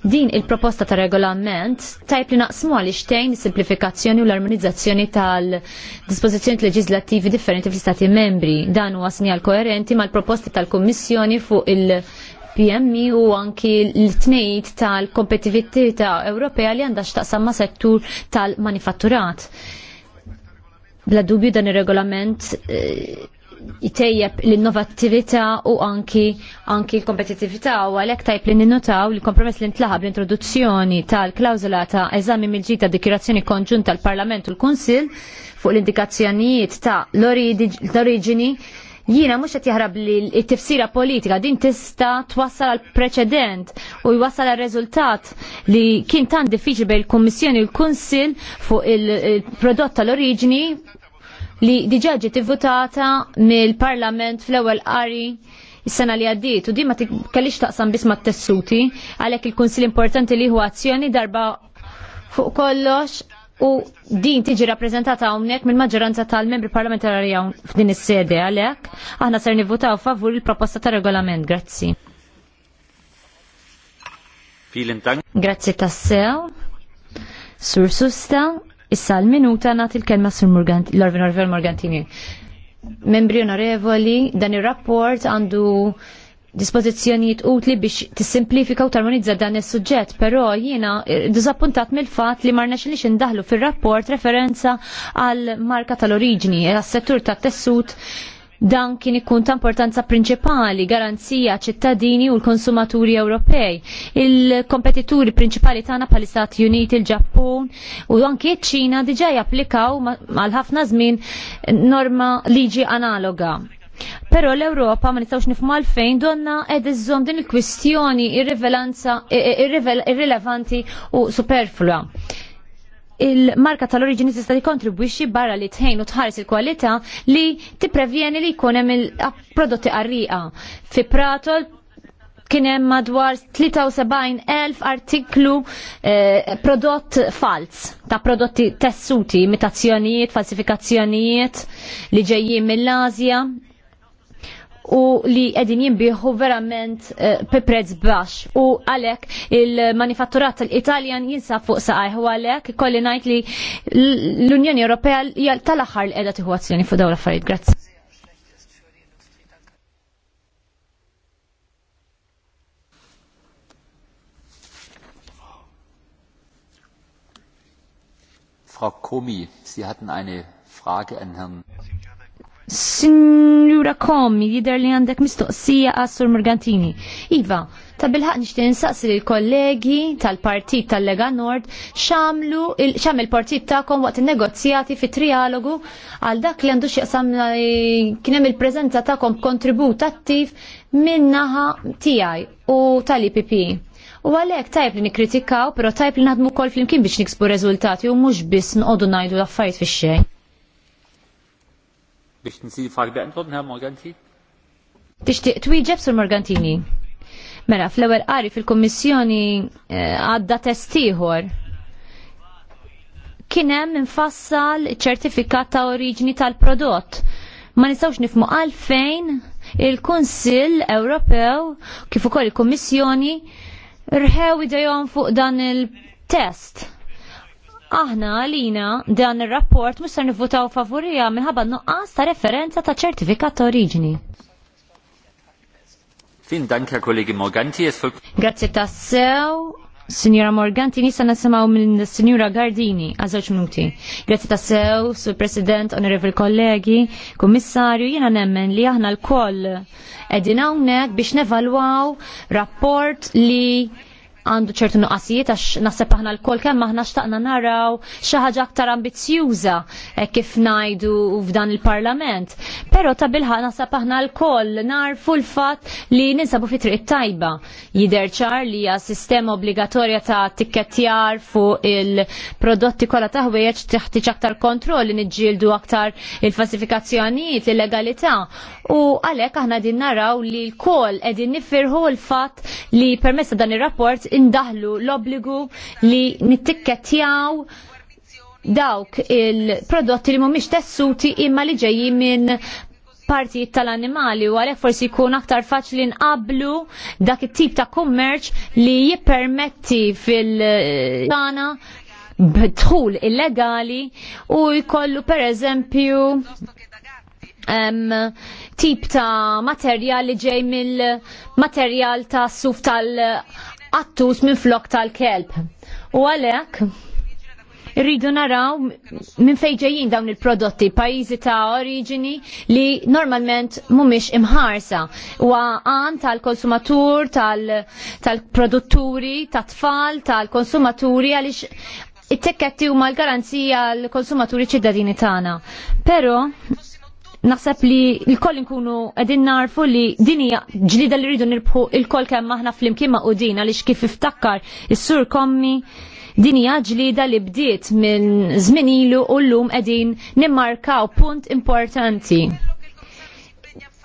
din il-proposta ta' regolament tajb li naqsmu għal xtejn simplifikazzjoni u l-armonizzazzjoni tal-dispożizzjoni leġislattivi differenti fl-Stati membri. Dan huwa sinjal koerenti mal-proposti tal-Kummissjoni fuq il- PMI e u anki l-tnejt tal-kompetitività Ewropea li għandha x'taqsam ma' settur tal-manifatturat. Bla dubju dan ir-regolament eh, jitejjeb l-innovattività u anki anki l-kompetitività u għalhekk tajb li ninnotaw li kompromess li ntlaħab l-introduzzjoni tal klawzula ta' eżami mill-ġita dikjerazzjoni konġunta tal-Parlament u l-Kunsill fuq l-indikazzjonijiet ta' l-oriġini jina mux qed jaħrab li t-tifsira politika din tista twassal għal preċedent u jwassal għal rezultat li kien tan diffiċli bejn il-Kummissjoni u l-Kunsill fuq il-prodott tal-oriġini li diġaġi ġiet ivvutata mill-Parlament fl-ewwel qari is-sena li għaddiet u di ma kellix taqsam biss mat-tessuti għalhekk il konsil importanti li hu azzjoni darba fuq kollox u din tiġi rappreżentata hawnhekk mill-maġġoranza tal-membri parlamentari hawn f'din is-sede għalhekk aħna ser nivvutaw favur il-proposta ta' regolament. Grazzi. Grazzi tassew. Sur Susta, Issa l-minuta nagħti il-kelma sur l-Orvin Morgantini. Membri onorevoli, dan ir-rapport għandu dispożizzjonijiet utli biex tissimplifika u tarmonizza dan is-suġġett, però jiena eh, dizappuntat mill-fatt li ma rnexxilix indaħlu fir-rapport referenza għal marka tal-oriġini għas settur tat-tessut Dan kien ikun ta' importanza prinċipali, garanzija ċittadini u l-konsumaturi Ewropej. Il-kompetituri prinċipali tagħna bħal Stati Uniti, il-Ġappun u anke ċ-Ċina diġà japplikaw għal ħafna żmien norma liġi analoga. Però l-Europa ma nistgħux nifhmu għal fejn donna qed iżżomm din il-kwistjoni irrilevanti u superflua il-marka tal-oriġini tista' jikkontribwixxi barra li tħejn u tħares il-kwalità li tipprevjeni li jkun hemm il-prodotti ah, qarrieqa. Fi Pratol kien hemm madwar 73,000 artiklu eh, prodott fals ta' prodotti tessuti, imitazzjonijiet, falsifikazzjonijiet li ġejjin mill-Azja, u li edin jimbiħu verament eh, pe prezz bax u għalek il-manifatturat l italjan jinsa fuq saħi u għalek kolli najt li l-Unjoni Ewropea jgħal tal-axar l-edha tiħu għazzjoni fuq dawla farid. Grazzi. Frau Komi, Sie hatten eine Frage an Herrn. Signora Kom, jider li għandek mistoqsija għassur Morgantini. Iva, ta' bilħaq nishtin insaqsi li kollegi tal-partit tal-Lega Nord xamlu xam il-partit ta'kom waqt il-negozjati fi trialogu għal dak li għandu xieqsam eh, kienem il-prezenza ta'kom kontribut attiv minnaħa tijaj u tal-IPP. U għalek tajb li nikritikaw, pero tajb li nadmu kol fl biex niksbu rezultati u mux biss nqodu najdu laffajt fi xej. Biex nsi fag beqntom, Morganti? Tixtieq twieġeb sur Morgantini. Mela, fl-ewwel qari fil-Kummissjoni eh, għadda test ieħor kien hemm infassal ċertifikat ta' oriġini tal-prodott. Ma nistgħux nifmu għalfejn il-Kunsill Ewropew kif ukoll il-Kummissjoni rħew idejhom fuq dan il-test. Aħna għalina dan ir-rapport mhux ser nivvutaw favorija minħabba nuqqas ta' referenza ta' ċertifikat ta' oriġini. Fin danka kollegi Morganti Morganti. Grazie tassew. Signora Morganti, nisa nasimaw minn Signora Gardini, għazoċ minuti. Grazie ta' sew, Sur President, onorevoli kollegi, Kommissarju, jena nemmen li aħna l-koll edin hawnhekk biex nevalwaw rapport li għandu ċertu nuqqasijiet għax nasib aħna l-kol kemm aħna xtaqna naraw xi ħaġa aktar ambizzjuża eh, kif ngħidu f'dan il-Parlament. Però ta' bilħaq naħseb aħna l-kol narfu l-fatt li ninsabu fi triq tajba. Jider ċar li hija sistema obbligatorja ta' tikketjar fuq il-prodotti kollha ta' ħwejjeġ teħtieġ aktar kontroll li niġġieldu aktar il-falsifikazzjonijiet, il-legalità. U għalhekk aħna din naraw li l-kol qegħdin nifirħu l-fatt li permessa dan ir-rapport indaħlu l-obbligu li nittikkettjaw dawk il-prodotti li mhumiex tessuti imma li ġeji minn partijiet tal-animali u għalhekk forsi jkun aktar faċli nqablu dak it-tip ta' kummerċ li jippermetti fil-tana bħedħul illegali u jkollu pereżempju um, tip ta' materjal li ġej mill-materjal ta' suf tal attus minn flok tal-kelb. U għalek, rridu naraw minn fejġejjin dawn il-prodotti, pajizi ta' oriġini li normalment mumiex imħarsa. U għan tal-konsumatur, tal-produtturi, -tal tat-tfal, tal-konsumaturi, għalix it-tekketti huma l-garanzija l-konsumaturi ċittadini tagħna. Pero, naħseb li l-koll nkunu qegħdin narfu li din hija ġlida li rridu nirbħu il-koll kemm aħna flimkien ma' dina għaliex xkif iftakkar il sur kommi din hija ġlida li bdiet minn zminilu ilu u llum qegħdin nimmarkaw punt importanti.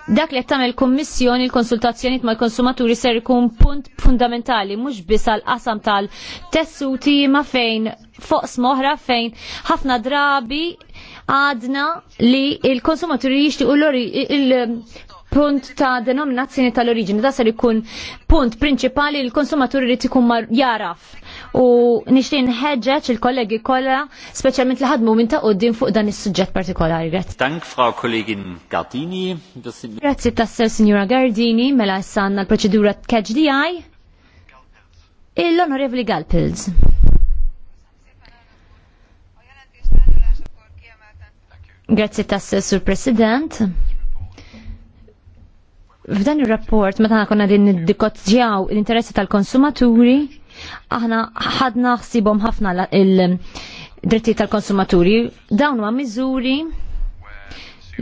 Dak li tagħmel il l-konsultazzjonijiet mal-konsumaturi ser ikun punt fundamentali mhux biss qasam tal-tessuti ma' fejn foqs moħra fejn ħafna drabi għadna li il-konsumaturi l-ori il-punt ta' denominazzjoni tal-oriġini. Da sar ikun punt prinċipali il-konsumaturi li tikun jaraf. U nixtieq nħeġġeġ il-kollegi kollha speċjalment li ħadmu minn ta' uddin fuq dan is-suġġett partikolari. Grazie. Dank Frau Kollegin Gardini. Grazzi tasser Signora Gardini, mela issa għandna l-proċedura catch DI. Il-Onorevoli Galpils. Grazzi tas-Sur President. F'dan ir-rapport meta konna din id-dikotġjaw l-interessi tal-konsumaturi, aħna ħadna ħsibhom ħafna il-dritti tal-konsumaturi. Dawn ma' miżuri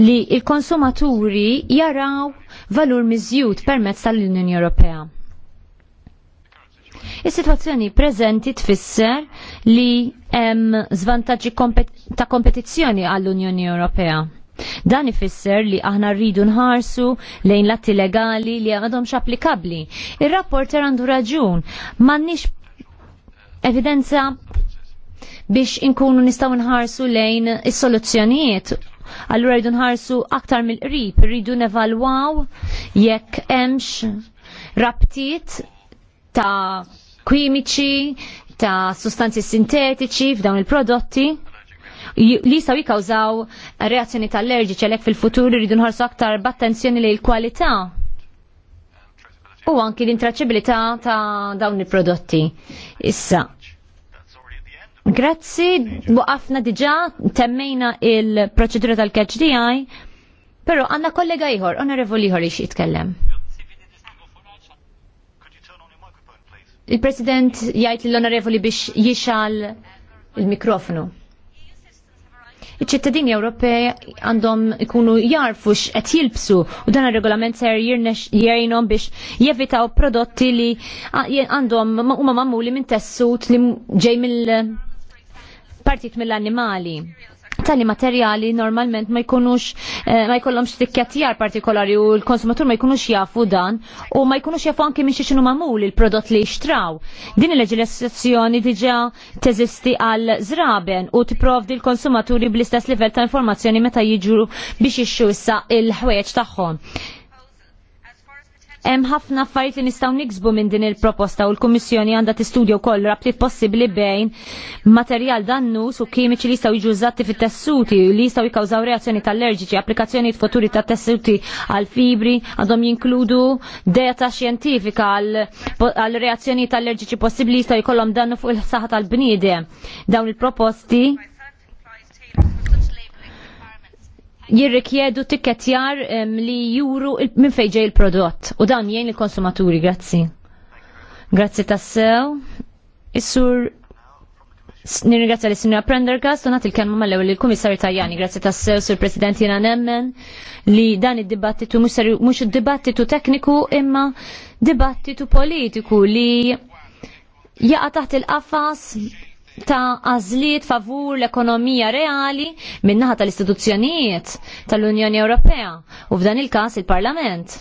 li il-konsumaturi jaraw valur miżjud permezz tal-Unjoni Ewropea. Is-sitwazzjoni preżenti tfisser li hemm żvantaġġi ta' kompetizzjoni għall-Unjoni Ewropea. Dan ifisser li aħna rridu nħarsu lejn latti legali li għadhomx applikabbli. Ir-rapporter għandu raġun, m'għandniex evidenza biex inkunu nistgħu nħarsu lejn is-soluzzjonijiet Allura rridu nħarsu aktar mill-qrib, rridu nevalwaw jekk hemmx rabtiet ta' kwimiċi, ta' sustanzi sintetiċi f'dawn il-prodotti li jistaw jikawżaw reazzjoni ta' allerġiċi għalhekk fil-futur iridu nħarsu aktar b'attenzjoni lejn kwalità u anki l-intraċibilità ta' dawn il-prodotti. Issa, Grazzi, waqafna diġa, temmejna il-proċedura tal-catch DI, pero għanna kollega iħor, onorevoli iħor ix jitkellem. Il-President jgħid l-Onorevoli biex jixal il-mikrofonu. Iċ-ċittadini Ewropej għandhom ikunu jarfu x'qed jilbsu u dan ir-regolament ser jgħinhom biex jevitaw prodotti li għandhom huma mammuli minn tessut li ġej mill partit mill-annimali tali materjali normalment ma jkunux eh, ma jkollhomx tikkjattjar partikolari u l-konsumatur ma jkunux jafu dan u ma jkunux jafu anke minn xi xinu magħmul il-prodott li jixtraw. Din il-leġislazzjoni diġà teżisti għal żraben u tipprovdi l-konsumaturi bl-istess livell ta' informazzjoni meta jiġu biex ixxu issa il-ħwejjeġ tagħhom. Hemm ħafna affarijiet li nistgħu niksbu minn din il-proposta u l-Kummissjoni għandha tistudja wkoll rabtiet possibbli bejn materjal dannus u kimiċi li jistgħu jiġu użati fit-tessuti li jistgħu jikkawżaw reazzjoni tal-allerġiċi, applikazzjonijiet futuri ta' tessuti għal fibri għandhom jinkludu data xjentifika għal reazzjoni tal'lerġiċi allerġiċi possibbli jistgħu jkollhom dannu fuq il-saħħa tal-bniedem. Dawn il-proposti jirrikjedu jar li juru minn fejġej il-prodott u dan jgħin il-konsumaturi, grazzi. Grazzi tassew. Is-sur Nirringrazzja li sinjora Prendergast u nagħti l-kelma mal-ewwel l kummissarju Tajani, grazzi tassew sur President jiena nemmen li dan id-dibattitu mhux id-dibattitu tekniku imma dibattitu politiku li jaqa' taħt il-qafas ta' għażliet favur l-ekonomija reali minnaħa tal-istituzzjonijiet tal-Unjoni Ewropea u f'dan il-każ il-Parlament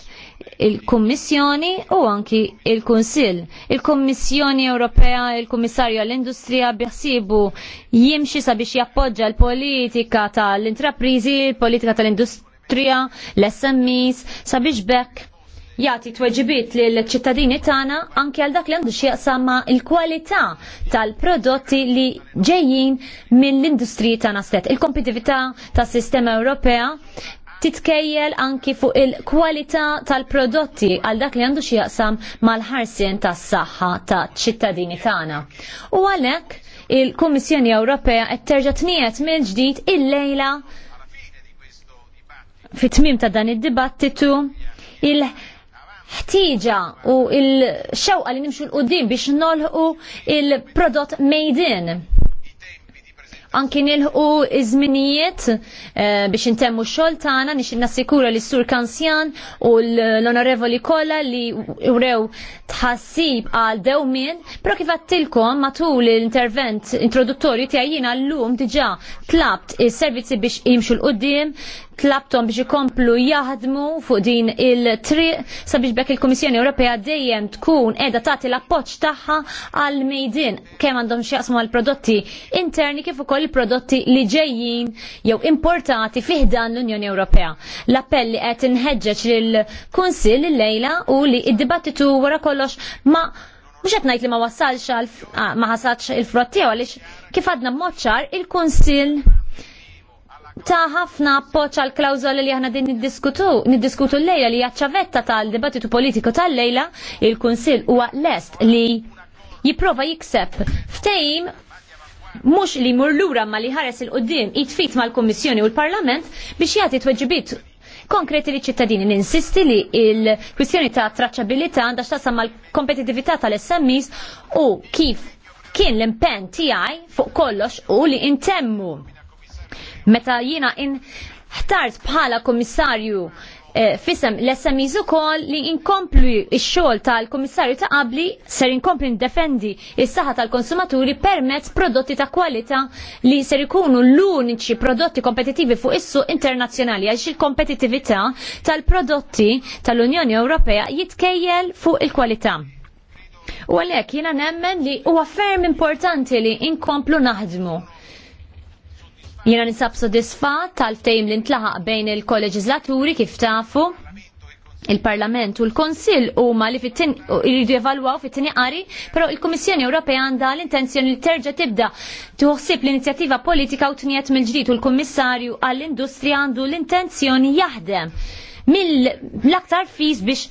il-Kummissjoni u anki il-Kunsill. Il-Kummissjoni Ewropea, il-Kummissarju għall-Industrija biħsibu jimxi sabiex jappoġġa l-politika tal-intraprizi, l-politika tal-industrija, l-SMEs, sabiex bekk jagħti tweġibiet lill ċittadini tagħna anke għal dak li għandu xieqsamma ma' il-kwalità tal-prodotti li ġejjin mill-industriji tana stet. Il-kompitività tas-sistema Ewropea titkejjel anki fuq il-kwalità tal-prodotti għal dak li għandu xieqsam mal-ħarsien tas-saħħa ta' ċittadini tagħna. U għalhekk il-Kummissjoni Ewropea qed terġa' tniet mill-ġdid il-lejla fit-tmim ta' dan id-dibattitu il- ħtieġa u il-xewqa li nimxu l-qoddim biex nolħu il-prodott made in. Anki nilħu iż-żminijiet eh, biex intemmu x-xogħol tagħna nix nassikura li sur Kansjan u l-onorevoli kollha li urew tħassib għal dewmien, però kif għattilkom matul l-intervent introduttorju tiegħi l llum diġà tlabt is-servizzi biex imxu l-qudiem tlabtom biex ikomplu jaħdmu fuq din il-triq sabiex bekk il-Komissjoni Ewropea dejjem tkun edha tagħti l-appoġġ tagħha għal mejdin kemm għandhom xi jaqsmu għal prodotti interni kif ukoll il prodotti li ġejjin jew importati fih dan l-Unjoni Ewropea. L-appell li qed inħeġġeġ lill-Kunsill lejla u li d dibattitu wara kollox ma' mux għet najt li ma wassalx ma ħasatx il-frottija għalix kif għadna moċċar il-konsil ta' ħafna appoċ għal klawżoli li aħna din niddiskutu, niddiskutu l-lejla li jaċċavetta tal-dibattitu politiku tal-lejla il-Kunsil huwa lest li jipprova jikseb ftejim mux li murlura ma li ħares il-qoddim jitfit ma l-Kommissjoni u l-Parlament biex jagħti tweġibit konkreti li ċittadini. Ninsisti li il-kwistjoni ta' traċċabilità għandha x'tasam mal-kompetitività tal smis u kif kien l-impenn tiegħi fuq kollox u li intemmu Meta jiena in ħtart bħala komissarju eh, fisem l-SMIs u kol li inkomplu il-xol tal-komissarju ta' qabli ser inkomplu indefendi il-saħħa tal-konsumaturi permezz prodotti ta' kwalità li ser ikunu l-uniċi prodotti kompetitivi fuq issu internazzjonali għax il-kompetitività tal-prodotti tal-Unjoni Ewropea jitkejjel fuq il-kwalità. U għalhekk jiena nemmen li huwa ferm importanti li inkomplu naħdmu Jiena nisab sodisfat tal-ftejm li ntlaħaq bejn il-kolleġislaturi kif tafu il-Parlament u l-Konsil huma li jridu jevalwaw fit-tini qari, però il-Kummissjoni Ewropea għandha l-intenzjoni li terġa' tibda tuħsib l-inizjattiva politika u tniet mill-ġdid u l-Kummissarju għall-Industrija għandu l-intenzjoni jaħdem mill-aktar fis biex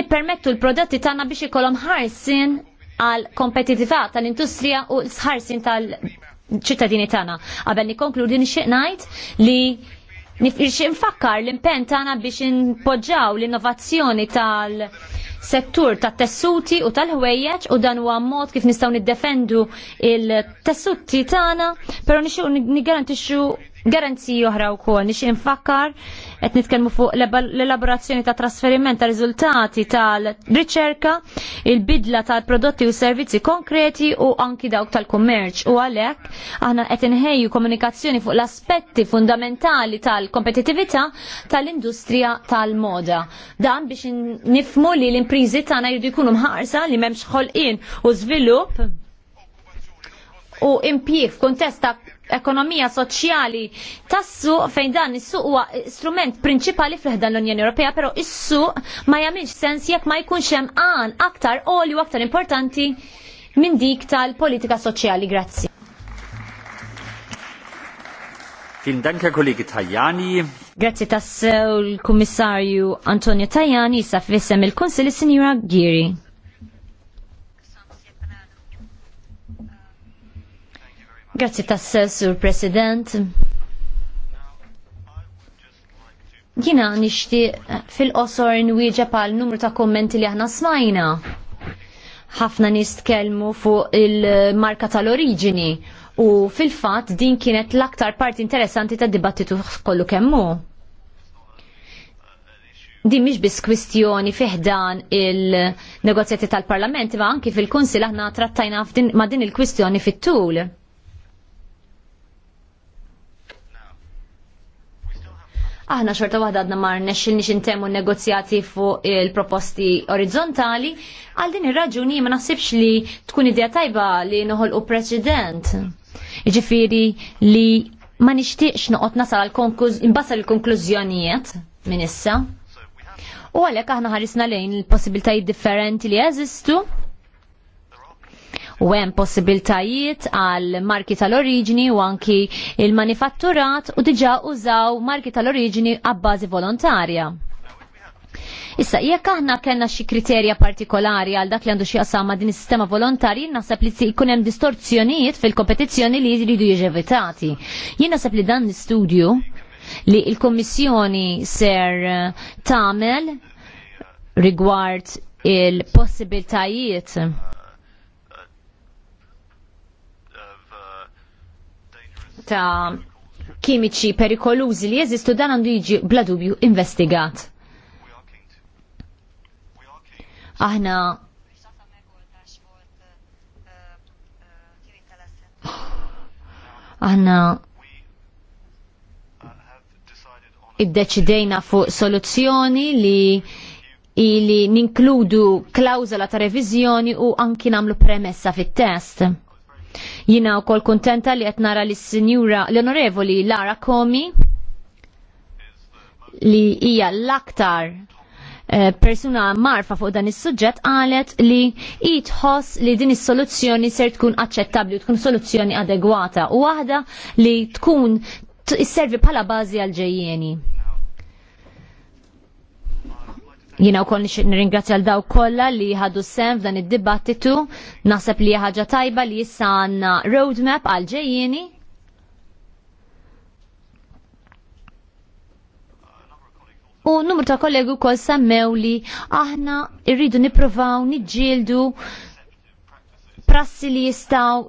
nippermettu l-prodotti tagħna biex ikollhom ħarsin għal kompetitività tal-industrija u l-sħarsin tal ċittadini tagħna. Qabel nikkonkludi nixtieq ngħid li nixtieq nfakkar l-impenn tagħna biex inpoġġaw l-innovazzjoni tal-settur tat-tessuti u tal-ħwejjeġ u dan huwa mod kif nistgħu niddefendu il-tessuti tagħna, però nixtieq niggarantixxu Garanziji oħra wkoll nix infakkar qed nitkellmu fuq l-elaborazzjoni ta' trasferiment ta' riżultati tal-riċerka, il-bidla tal-prodotti u servizzi konkreti u anki dawk tal-kummerċ. U għalhekk aħna qed inħejju komunikazzjoni fuq l-aspetti fundamentali tal-kompetitività tal-industrija tal-moda. Dan biex nifmu li l-imprizi tagħna jridu jkunu mħarsa li memx ħolqien u żvilupp u impjieg f'kuntest ta' ekonomija soċjali tas-suq fejn dan is-suq huwa strument prinċipali fl-ħdan l-Unjoni Ewropea, però is-suq ma jagħmilx sens jekk ma jkunx hemm għan aktar olju aktar importanti minn dik tal-politika soċjali. Grazzi. Fin danke kollegi Tajani. Grazie tassew l-Kummissarju Antonio Tajani, sa' fissem il-Konsil, Signora Giri. Grazzi tasse, Sur President. Jina nishti fil-qosor nwieġa pal numru ta' kommenti li aħna smajna. Ħafna nies fuq il-marka tal-oriġini u fil-fatt din kienet l-aktar parti interessanti tad dibattitu kollu kemmu. Din miex biss kwistjoni fiħdan il-negozjati tal-Parlament, ma anki fil-Kunsil aħna trattajna ma' din il-kwistjoni fit-tul Aħna xorta waħda għadna mar nexxilni xintemu negozjati fuq il-proposti orizzontali, għal din ir-raġuni ma naħsibx li tkun idea tajba li noħolqu preċedent. Iġifiri li ma nixtieqx noqot nasal imbasal il-konklużjonijiet minn issa. U għalhekk aħna ħarisna lejn il possibilitajiet differenti li jeżistu u hemm possibiltajiet għal marki tal-oriġini u anki il-manifatturat u diġa' użaw marki tal-oriġini għabbażi volontarja. Issa, jekk aħna kellna xi kriterja partikolari għal dak li għandu xi qasama din is-sistema volontarji, naħseb li jkun hemm distorzjonijiet fil-kompetizzjoni li jridu jiġi evitati. Jien naħseb li dan l-istudju li l-Kommissjoni ser eh, tagħmel rigward il-possibiltajiet ta' kimiċi perikolużi li jeżistu dan għandu jiġi bla dubju investigat. Aħna aħna iddeċidejna fuq soluzzjoni li ili ninkludu klawzola ta' reviżjoni u anki namlu premessa fit-test. Jina u kol kontenta li għetnara li s-sinjura l-onorevoli Lara Komi li hija l-aktar eh, persuna marfa fuq dan is-suġġett qalet li jitħoss li din is-soluzzjoni ser tkun aċċettabbli u tkun soluzzjoni adegwata u waħda li tkun isservi bħala bażi għal ġejjeni. Jina u koll nirringrazzja l daw kolla li ħadu sem f'dan id-dibattitu, naħseb li ħaġa tajba li jissa għanna roadmap għal ġejjini. U numru ta' kollegu kol semmew li aħna irridu niprovaw, nġildu prassi li jistaw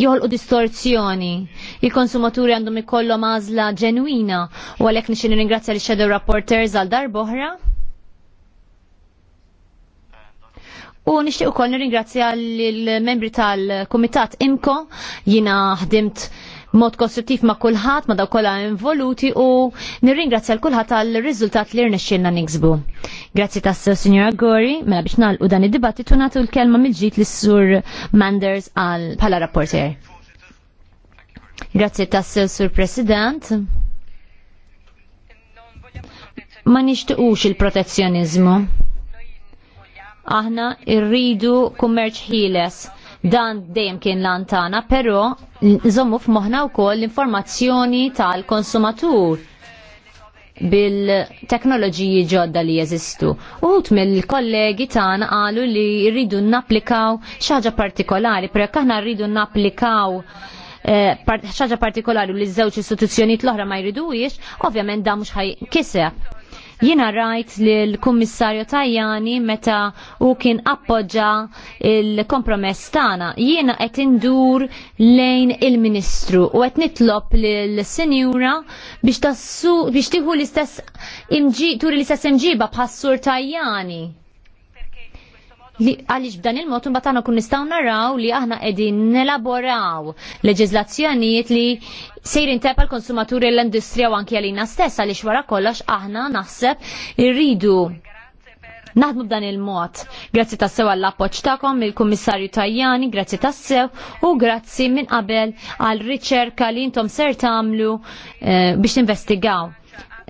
joħolqu distorzjoni. Il-konsumaturi għandhom ikollhom għażla ġenwina u għalhekk nixin nirringrazzja li shadow rapporters għal darboħra. U nixtieq ukoll nirringrazzja l-membri tal-Kumitat Imko jina ħdimt mod konstruttiv ma' kulħadd ma' daw kollha involuti u nirringrazzja l kulħadd tal riżultat li rnexxinna niksbu. Grazzi s Signora Gori, mela biex nagħlqu dan id-dibattitu nagħtu l-kelma mill-ġid lis sur Manders għal bħala rapporter. Grazzi s sur President. Ma nixtiqux il-protezzjonizmu aħna irridu kummerċ ħieles dan dejjem kien lantana, però nżommu f'moħħna wkoll l-informazzjoni tal-konsumatur bil-teknoloġiji ġodda li jeżistu. Uħut mill-kollegi tagħna qalu li rridu napplikaw xaġa partikolari, però jekk aħna rridu napplikaw eh, xaġa partikolari li ż-żewġ istituzzjonijiet l-oħra ma jridux, ovvjament da mux ħaj kiseb Jina rajt li l-Kummissarju Tajjani meta u kien appoġġa il-kompromess tagħna. Jiena qed indur lejn il-Ministru u qed nitlob lill-Sinjura biex tassu biex tieħu l-istess imġi turi l-istess imġiba bħas-Sur Tajjani għaliex b'dan il-mod imbagħad aħna kun nistgħu naraw li aħna qegħdin nelaboraw leġizlazzjonijiet li sejrin tepa l-konsumaturi l-industrija u anki għalina stessa għaliex wara kollox aħna naħseb irridu Naħdmu b'dan il-mod. Grazzi tassew għall appoġġ takom il-Kummissarju Tajjani, grazzi tassew u grazzi minn qabel għal riċerka li intom ser tagħmlu eh, biex tinvestigaw.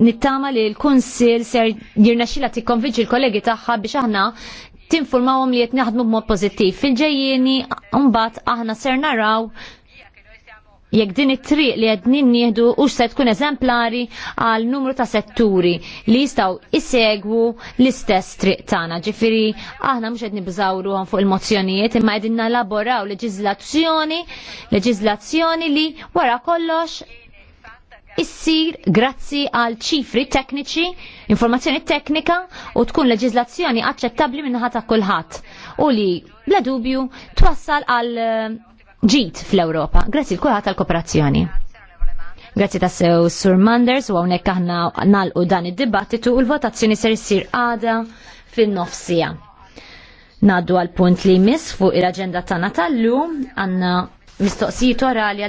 Nittama li l-Kunsil ser t tikkonvinċi l-kollegi tagħha biex aħna tinformawhom li qed naħdmu b'mod pożittiv. Fil-ġejjieni mbagħad aħna ser naraw jekk din it-triq li qed nieħdu u se tkun eżemplari għal numru ta' setturi li jistgħu isegwu l-istess triq tagħna. Ġifieri aħna mhux qed nibżawruhom fuq il-mozzjonijiet imma qegħdin nalaboraw leġiżlazzjoni, leġiżlazzjoni li wara kollox issir grazzi għal ċifri tekniċi, informazzjoni teknika u tkun leġizlazzjoni aċċettabli minnaħat ta' kulħadd u li bla dubju twassal għal eh, ġid fl-Ewropa. Grazzi l kulħadd għal kooperazzjoni. Grazzi ta' sew Sur Manders u hawnhekk aħna nalqu dan id-dibattitu u l-votazzjoni ser issir għada fin-nofsija. Naddu għal punt li jmiss fuq il agenda tana tal-lum għandna mistoqsijiet orali